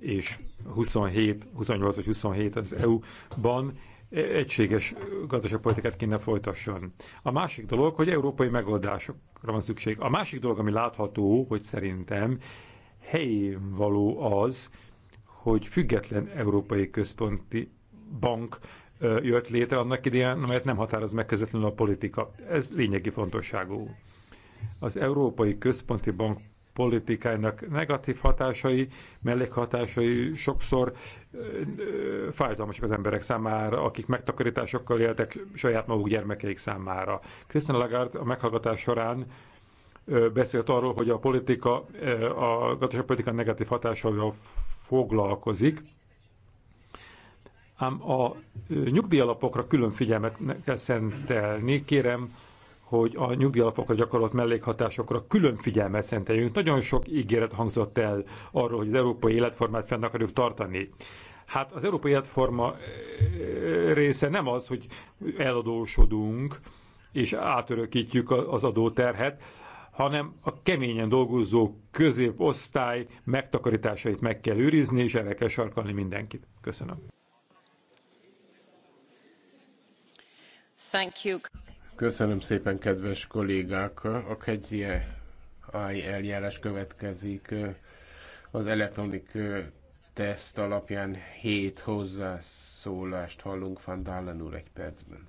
[SPEAKER 1] és 27, 28 vagy 27 az EU-ban, e, egységes gazdaságpolitikát kéne folytasson. A másik dolog, hogy európai megoldások van szükség. A másik dolog, ami látható, hogy szerintem helyén való az, hogy független Európai Központi Bank jött létre annak idején, amelyet nem határoz meg közvetlenül a politika. Ez lényegi fontosságú. Az Európai Központi Bank politikának negatív hatásai, mellékhatásai sokszor fájdalmasak az emberek számára, akik megtakarításokkal éltek saját maguk gyermekeik számára. Christine Lagarde a meghallgatás során beszélt arról, hogy a politika, a gazdaságpolitika negatív hatásaival foglalkozik, ám a nyugdíjalapokra külön figyelmet kell szentelni. Kérem hogy a nyugdíjalapokra gyakorolt mellékhatásokra külön figyelmet szenteljünk. Nagyon sok ígéret hangzott el arról, hogy az európai életformát fenn akarjuk tartani. Hát az európai életforma eh, része nem az, hogy eladósodunk és átörökítjük az adóterhet, hanem a keményen dolgozó középosztály megtakarításait meg kell őrizni, és erre kell sarkalni mindenkit. Köszönöm.
[SPEAKER 2] Thank you.
[SPEAKER 3] Köszönöm szépen, kedves kollégák! A ai eljárás következik. Az elektronik teszt alapján hét hozzászólást hallunk Van Dalen úr egy percben.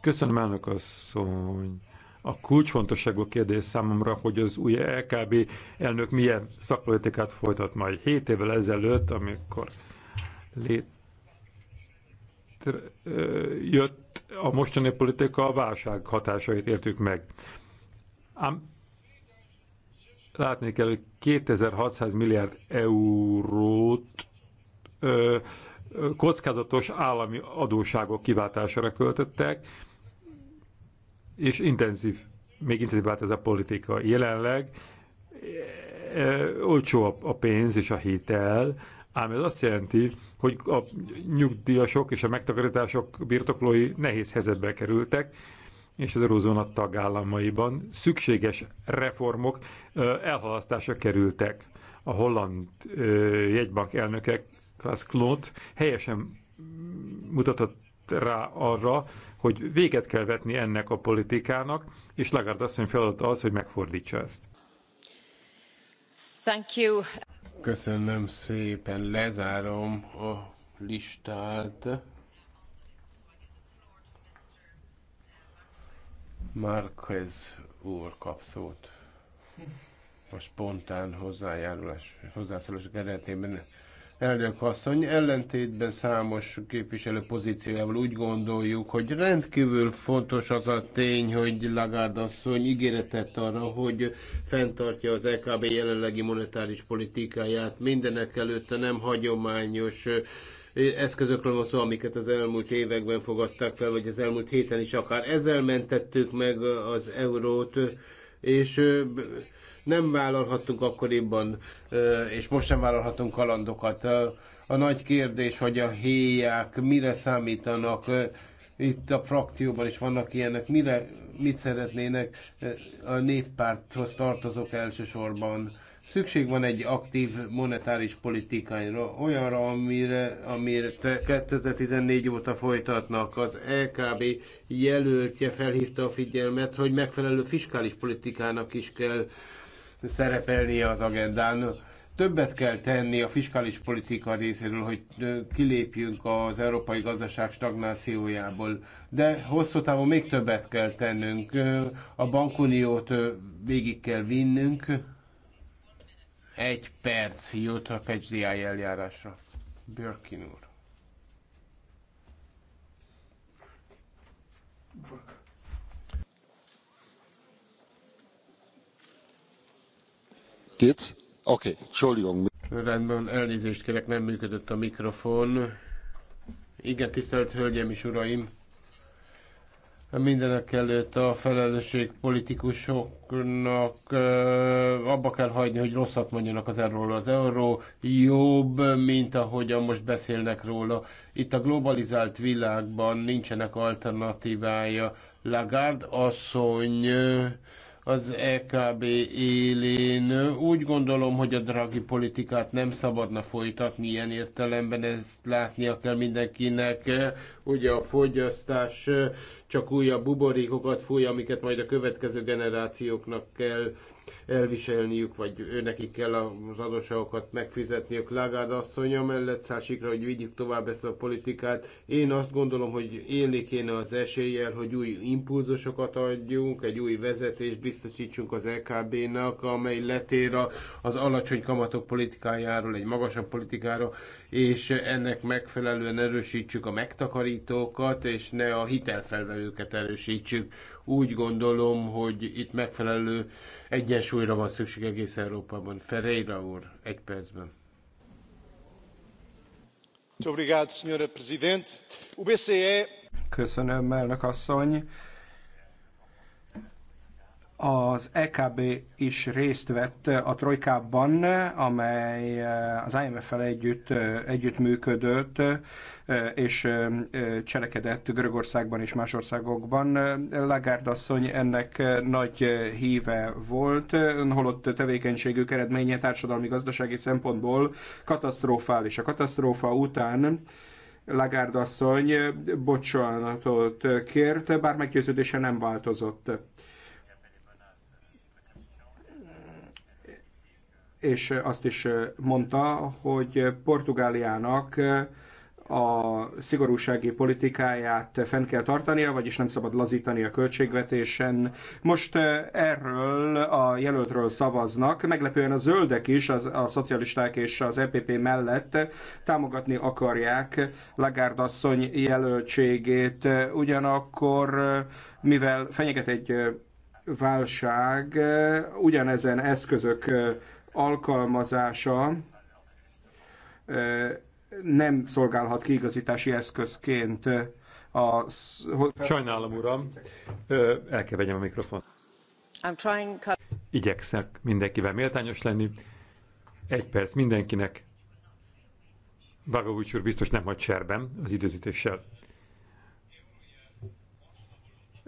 [SPEAKER 1] Köszönöm, elnök asszony! A kulcsfontosságú kérdés számomra, hogy az új LKB elnök milyen szakpolitikát folytat majd. 7 évvel ezelőtt, amikor lét jött a mostani politika a válság hatásait értük meg. Ám látni kell, hogy 2600 milliárd eurót ö, kockázatos állami adóságok kiváltására költöttek, és intenzív, még intenzív vált ez a politika. Jelenleg ö, olcsó a, a pénz és a hitel, Ám ez azt jelenti, hogy a nyugdíjasok és a megtakarítások birtoklói nehéz helyzetbe kerültek, és az eurózóna tagállamaiban szükséges reformok elhalasztásra kerültek. A holland jegybank elnöke Klaas Klont helyesen mutatott rá arra, hogy véget kell vetni ennek a politikának, és Lagarde asszony feladata az, hogy megfordítsa ezt. Thank you. Köszönöm szépen,
[SPEAKER 3] lezárom a listát. Márquez úr kap szót. A spontán hozzájárulás, hozzászólás keretében elnök asszony, ellentétben számos képviselő pozíciójával úgy gondoljuk, hogy rendkívül fontos az a tény, hogy Lagarde asszony ígéretet arra, hogy fenntartja az EKB jelenlegi monetáris politikáját. Mindenek előtte a nem hagyományos eszközökről van szó, amiket az elmúlt években fogadtak el, vagy az elmúlt héten is akár. Ezzel mentettük meg az eurót, és nem vállalhattunk akkoriban, és most sem vállalhatunk kalandokat. A nagy kérdés, hogy a héják mire számítanak, itt a frakcióban is vannak ilyenek, mire, mit szeretnének a néppárthoz tartozók elsősorban. Szükség van egy aktív monetáris politikára, olyanra, amire, amire 2014 óta folytatnak. Az LKB jelöltje felhívta a figyelmet, hogy megfelelő fiskális politikának is kell szerepelnie az agendán. Többet kell tenni a fiskális politika részéről, hogy kilépjünk az európai gazdaság stagnációjából, de hosszú távon még többet kell tennünk. A bankuniót végig kell vinnünk. Egy perc jut a PGI eljárásra. Birkin úr. Rendben, elnézést kérek, nem működött a mikrofon. Igen, tisztelt Hölgyeim és Uraim! Mindenek előtt a felelősség politikusoknak abba kell hagyni, hogy rosszat mondjanak az erről. Az euró jobb, mint ahogyan most beszélnek róla. Itt a globalizált világban nincsenek alternatívája. Lagarde asszony az EKB élén. Úgy gondolom, hogy a dragi politikát nem szabadna folytatni ilyen értelemben, ezt látnia kell mindenkinek. Ugye a fogyasztás csak újabb buborékokat fúj, amiket majd a következő generációknak kell elviselniük, vagy őnekik kell az adósságokat megfizetniük. Klágárd asszonya mellett szásikra, hogy vigyük tovább ezt a politikát. Én azt gondolom, hogy élni kéne az eséllyel, hogy új impulzusokat adjunk, egy új vezetést biztosítsunk az LKB-nak, amely letér az alacsony kamatok politikájáról, egy magasabb politikára, és ennek megfelelően erősítsük a megtakarítókat, és ne a hitelfelvevőket erősítsük. Úgy gondolom, hogy itt megfelelő egyensúlyra van szükség egész Európában. Ferreira úr, egy percben.
[SPEAKER 4] E Köszönöm, elnök asszony az EKB is részt vett a trojkában, amely eh, az IMF-fel együtt, eh, együtt működött, eh, és cselekedett Görögországban és más országokban. Lagarde asszony ennek nagy híve volt, holott tevékenységük eredménye társadalmi-gazdasági szempontból katasztrofális. A katasztrófa után Lagarde asszony bocsánatot kért, bár meggyőződése nem változott. és azt is mondta, hogy Portugáliának a szigorúsági politikáját fenn kell tartania, vagyis nem szabad lazítani a költségvetésen. Most erről a jelöltről szavaznak. Meglepően a zöldek is, az, a szocialisták és az EPP mellett támogatni akarják Lagarde asszony jelöltségét. Ugyanakkor, mivel fenyeget egy válság, ugyanezen eszközök alkalmazása nem szolgálhat kiigazítási eszközként a... Sajnálom, uram, el kell vegyem a mikrofon.
[SPEAKER 1] Igyekszek mindenkivel méltányos lenni. Egy perc mindenkinek. Bagovics úr biztos nem hagy serben az időzítéssel.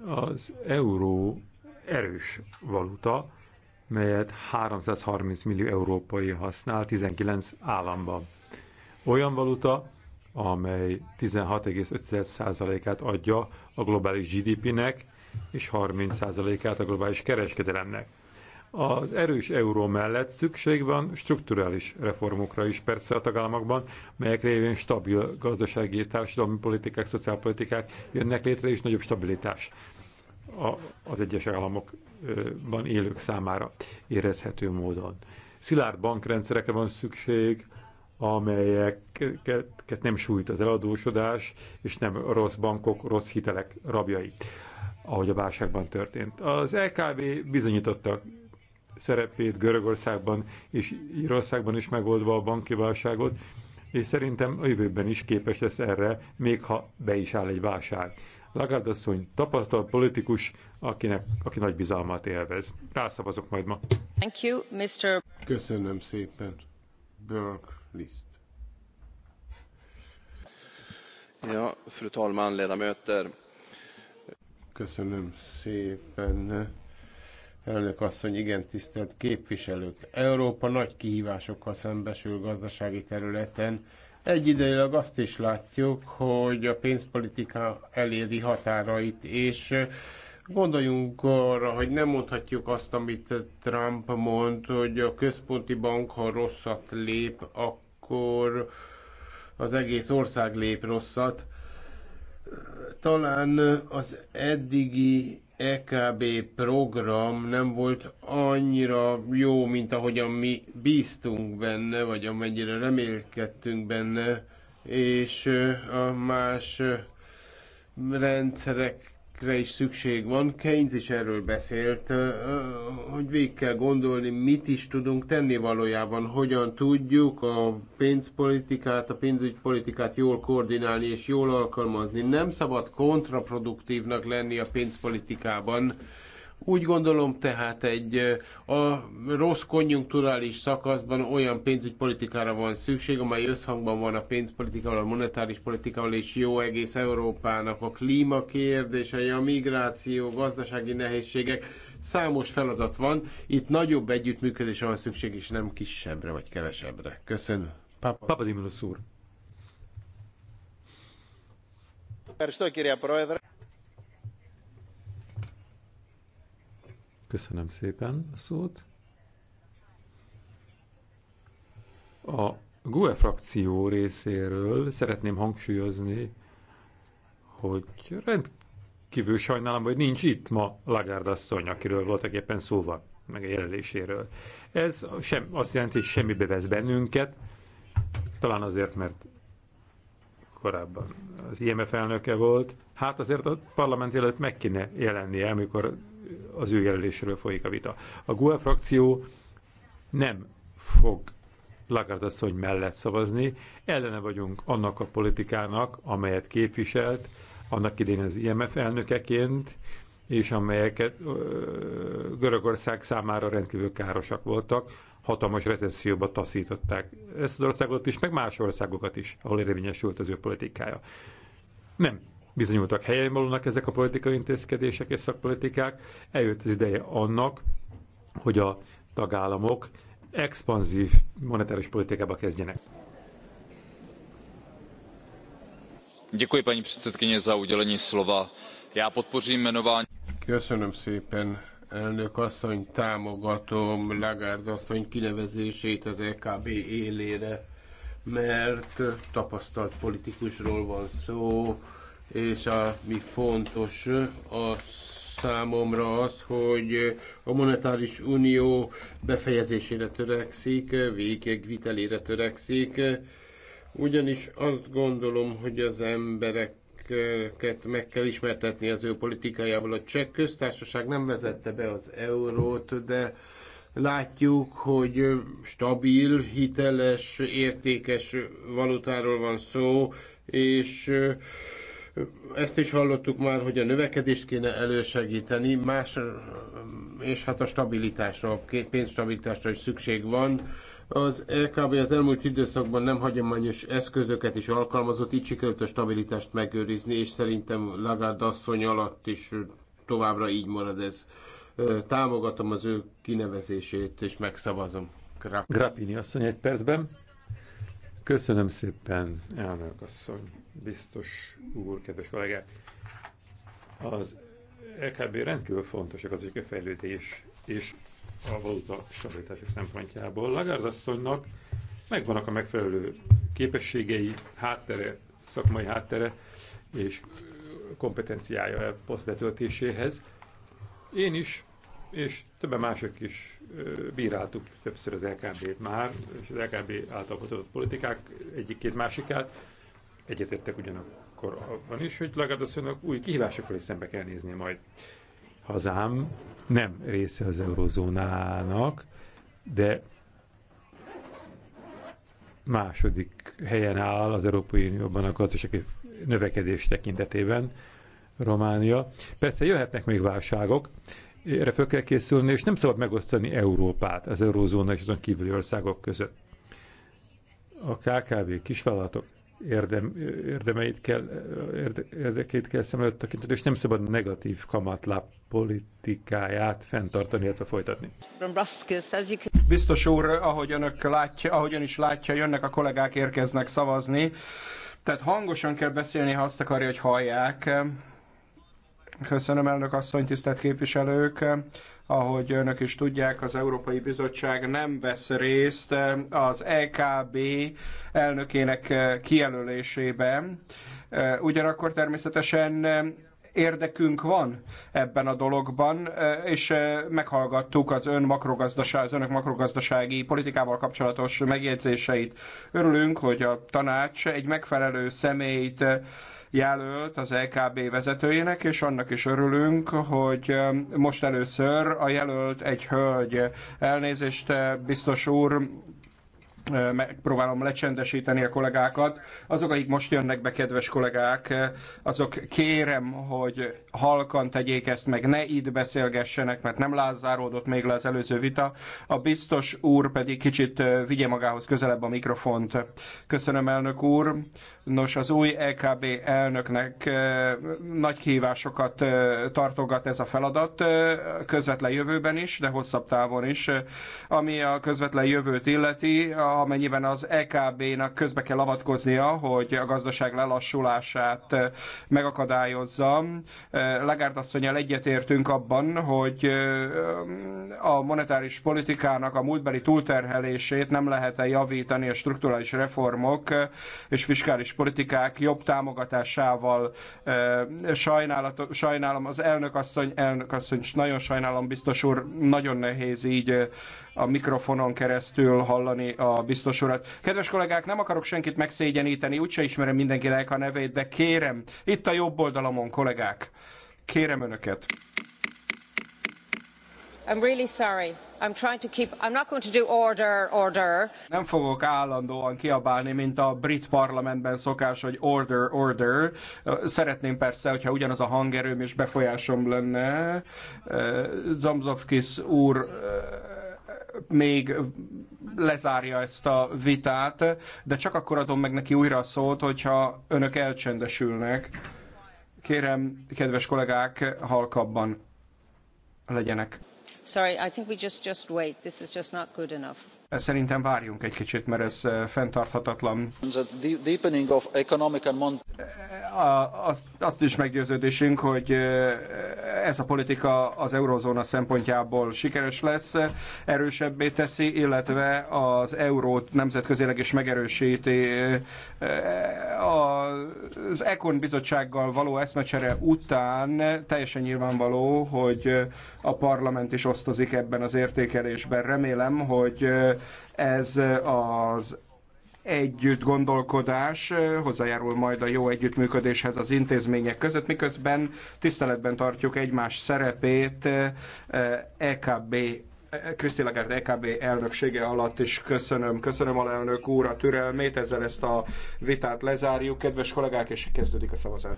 [SPEAKER 1] Az euró erős valuta, melyet 330 millió európai használ 19 államban. Olyan valuta, amely 16,5%-át adja a globális GDP-nek és 30%-át a globális kereskedelemnek. Az erős euró mellett szükség van strukturális reformokra is persze a tagállamokban, melyek révén stabil gazdasági, társadalmi politikák, szociálpolitikák jönnek létre, és nagyobb stabilitás a, az egyes államokban élők számára érezhető módon. Szilárd bankrendszerekre van szükség, amelyeket nem sújt az eladósodás, és nem rossz bankok, rossz hitelek rabjai, ahogy a válságban történt. Az LKB bizonyította szerepét Görögországban és Írországban is megoldva a banki válságot, és szerintem a jövőben is képes lesz erre, még ha be is áll egy válság. Lagarde asszony tapasztalt politikus, akinek, aki nagy bizalmat élvez. Rászavazok majd ma.
[SPEAKER 2] Thank you, Mr.
[SPEAKER 1] Köszönöm szépen. Burke List.
[SPEAKER 2] Ja, fru talman, ledamöter.
[SPEAKER 3] Köszönöm szépen. Elnök asszony, igen, tisztelt képviselők. Európa nagy kihívásokkal szembesül gazdasági területen Egyidejűleg azt is látjuk, hogy a pénzpolitika eléri határait, és Gondoljunk arra, hogy nem mondhatjuk azt, amit Trump mond, hogy a központi bank, ha rosszat lép, akkor az egész ország lép rosszat. Talán az eddigi EKB program nem volt annyira jó, mint ahogyan mi bíztunk benne, vagy amennyire remélkedtünk benne, és a más rendszerek Ezekre is szükség van. Keynes is erről beszélt, hogy végig kell gondolni, mit is tudunk tenni valójában, hogyan tudjuk a pénzpolitikát, a pénzügypolitikát jól koordinálni és jól alkalmazni. Nem szabad kontraproduktívnak lenni a pénzpolitikában úgy gondolom tehát egy a rossz konjunkturális szakaszban olyan pénzügypolitikára van szükség, amely összhangban van a pénzpolitikával, a monetáris politikával és jó egész Európának. A klímakérdései, a migráció, gazdasági nehézségek, számos feladat van. Itt nagyobb együttműködésre van szükség, és nem kisebbre vagy kevesebbre. Köszönöm. Papa.
[SPEAKER 1] Dimulus úr. Köszönöm szépen a szót. A GUE frakció részéről szeretném hangsúlyozni, hogy rendkívül sajnálom, hogy nincs itt ma Lagarde asszony, akiről voltak éppen szóva, meg a jeleléséről. Ez sem, azt jelenti, hogy semmibe vesz bennünket, talán azért, mert korábban az IMF elnöke volt, hát azért a parlament előtt meg kéne jelennie, amikor az ő jelöléséről folyik a vita. A GUE frakció nem fog Lagarde asszony mellett szavazni, ellene vagyunk annak a politikának, amelyet képviselt, annak idén az IMF elnökeként, és amelyeket Görögország számára rendkívül károsak voltak, hatalmas recesszióba taszították ezt az országot is, meg más országokat is, ahol érvényesült az ő politikája. Nem bizonyultak helyen valónak ezek a politikai intézkedések és szakpolitikák. Eljött az ideje annak, hogy a tagállamok expanzív monetáris politikába kezdjenek.
[SPEAKER 4] Děkuji paní předsedkyně za udělení slova. Já podpořím jmenování.
[SPEAKER 3] Köszönöm szépen, elnök asszony, támogatom Lagarde asszony kinevezését az EKB élére, mert tapasztalt politikusról van szó, és ami fontos a számomra az, hogy a monetáris unió befejezésére törekszik, végigvitelére törekszik, ugyanis azt gondolom, hogy az emberek meg kell ismertetni az ő politikájával. A cseh köztársaság nem vezette be az eurót, de látjuk, hogy stabil, hiteles, értékes valutáról van szó, és ezt is hallottuk már, hogy a növekedést kéne elősegíteni, más, és hát a stabilitásra, a pénzstabilitásra is szükség van. Az LKB e az elmúlt időszakban nem hagyományos eszközöket is alkalmazott, így sikerült a stabilitást megőrizni, és szerintem Lagarde asszony alatt is továbbra így marad ez. Támogatom az ő kinevezését, és megszavazom.
[SPEAKER 1] Grappini asszony egy percben. Köszönöm szépen, elnök asszony biztos úr, kedves kollégák! Az LKB e rendkívül fontos a gazdasági fejlődés és a valuta stabilitása szempontjából. Lagarde asszonynak megvannak a megfelelő képességei, háttere, szakmai háttere és kompetenciája a poszt letöltéséhez. Én is, és többen mások is bíráltuk többször az LKB-t e már, és az LKB e által politikák egyik-két másikát Egyetettek ugyanakkor abban is, hogy legalább önök új kihívásokkal is szembe kell nézni majd. Hazám nem része az eurozónának, de második helyen áll az Európai Unióban a gazdasági növekedés tekintetében Románia. Persze jöhetnek még válságok, erre fel kell készülni, és nem szabad megosztani Európát az eurózóna és azon kívüli országok között. A KKV, kisvállalatok érdem, érdemeit kell, érde, érdekét kell szem előtt tekinteni, és nem szabad negatív kamatláp politikáját fenntartani, illetve folytatni.
[SPEAKER 4] Biztos úr, ahogy, önök látja, ahogy ön is látja, jönnek a kollégák, érkeznek szavazni, tehát hangosan kell beszélni, ha azt akarja, hogy hallják. Köszönöm, elnök asszony, tisztelt képviselők. Ahogy önök is tudják, az Európai Bizottság nem vesz részt eh, az EKB elnökének eh, kijelölésében. Eh, ugyanakkor természetesen érdekünk van ebben a dologban, és meghallgattuk az, ön makrogazdaság, az önök makrogazdasági politikával kapcsolatos megjegyzéseit. Örülünk, hogy a tanács egy megfelelő személyt jelölt az LKB e vezetőjének, és annak is örülünk, hogy um, most először a jelölt egy hölgy. Elnézést, biztos úr, megpróbálom lecsendesíteni a kollégákat. Azok, akik most jönnek be, kedves kollégák, azok kérem, hogy halkan tegyék ezt meg, ne itt beszélgessenek, mert nem lázáródott még le az előző vita. A biztos úr pedig kicsit vigye magához közelebb a mikrofont. Köszönöm, elnök úr. Nos, az új EKB elnöknek nagy kihívásokat tartogat ez a feladat, közvetlen jövőben is, de hosszabb távon is. Ami a közvetlen jövőt illeti, a amennyiben az EKB-nak közbe kell avatkoznia, hogy a gazdaság lelassulását megakadályozza. Legárd asszonyjal egyetértünk abban, hogy a monetáris politikának a múltbeli túlterhelését nem lehet-e javítani a strukturális reformok és fiskális politikák jobb támogatásával. Sajnálom, az elnök asszony, elnök asszony, nagyon sajnálom, biztos úr, nagyon nehéz így a mikrofonon keresztül hallani a biztos urat. Kedves kollégák, nem akarok senkit megszégyeníteni, úgyse ismerem mindenki a nevét, de kérem, itt a jobb oldalamon, kollégák, kérem önöket.
[SPEAKER 2] I'm really sorry. I'm trying to keep. I'm not going to do order, order.
[SPEAKER 4] Nem fogok állandóan kiabálni, mint a brit parlamentben szokás, hogy order, order. Szeretném persze, hogyha ugyanaz a hangerőm és befolyásom lenne. Eh, Zamzovkis úr eh, még lezárja ezt a vitát, de csak akkor adom meg neki újra a szót, hogyha önök elcsendesülnek. Kérem, kedves kollégák, halkabban legyenek.
[SPEAKER 2] Sorry, I think we just just wait. This is just not good enough.
[SPEAKER 4] Szerintem várjunk egy kicsit, mert ez eh, fenntarthatatlan. Eh, azt, azt is meggyőződésünk, hogy eh, ez a politika az eurozóna szempontjából sikeres lesz, erősebbé teszi, illetve az eurót nemzetközileg is megerősíti. Az Econ bizottsággal való eszmecsere után teljesen nyilvánvaló, hogy a parlament is osztozik ebben az értékelésben. Remélem, hogy ez az együtt gondolkodás eh, hozzájárul majd a jó együttműködéshez az intézmények között, miközben tiszteletben tartjuk egymás szerepét EKB eh, e eh, Kriszti Lagarde EKB elnöksége alatt is köszönöm. Köszönöm alelnök úr a türelmét, ezzel ezt a vitát lezárjuk. Kedves kollégák, és kezdődik a szavazás.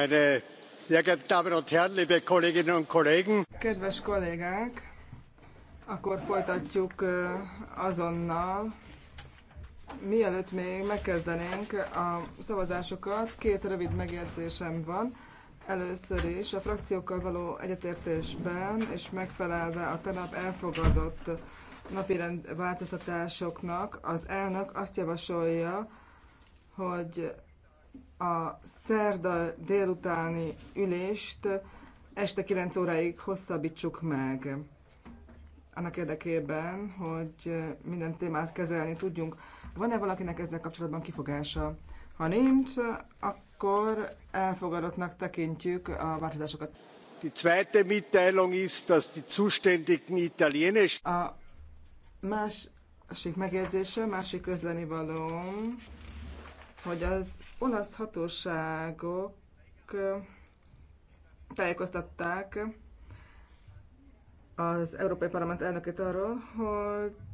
[SPEAKER 5] Meine sehr geehrten Damen und Herren, liebe Kolleginnen und Kollegen! Kedves kollégák, akkor folytatjuk azonnal. Mielőtt még megkezdenénk a szavazásokat, két rövid megjegyzésem van. Először is a frakciókkal való egyetértésben és megfelelve a tegnap elfogadott napirend változtatásoknak az elnök azt javasolja, hogy a szerda délutáni ülést este 9 óráig hosszabbítsuk meg. Annak érdekében, hogy minden témát kezelni tudjunk. Van-e valakinek ezzel kapcsolatban kifogása? Ha nincs, akkor elfogadottnak tekintjük a változásokat. Die zweite
[SPEAKER 3] Mitteilung ist, dass die zuständigen italienisch... A
[SPEAKER 5] másik megjegyzése, másik közleni hogy az olasz hatóságok tájékoztatták az Európai Parlament elnökét arról, hogy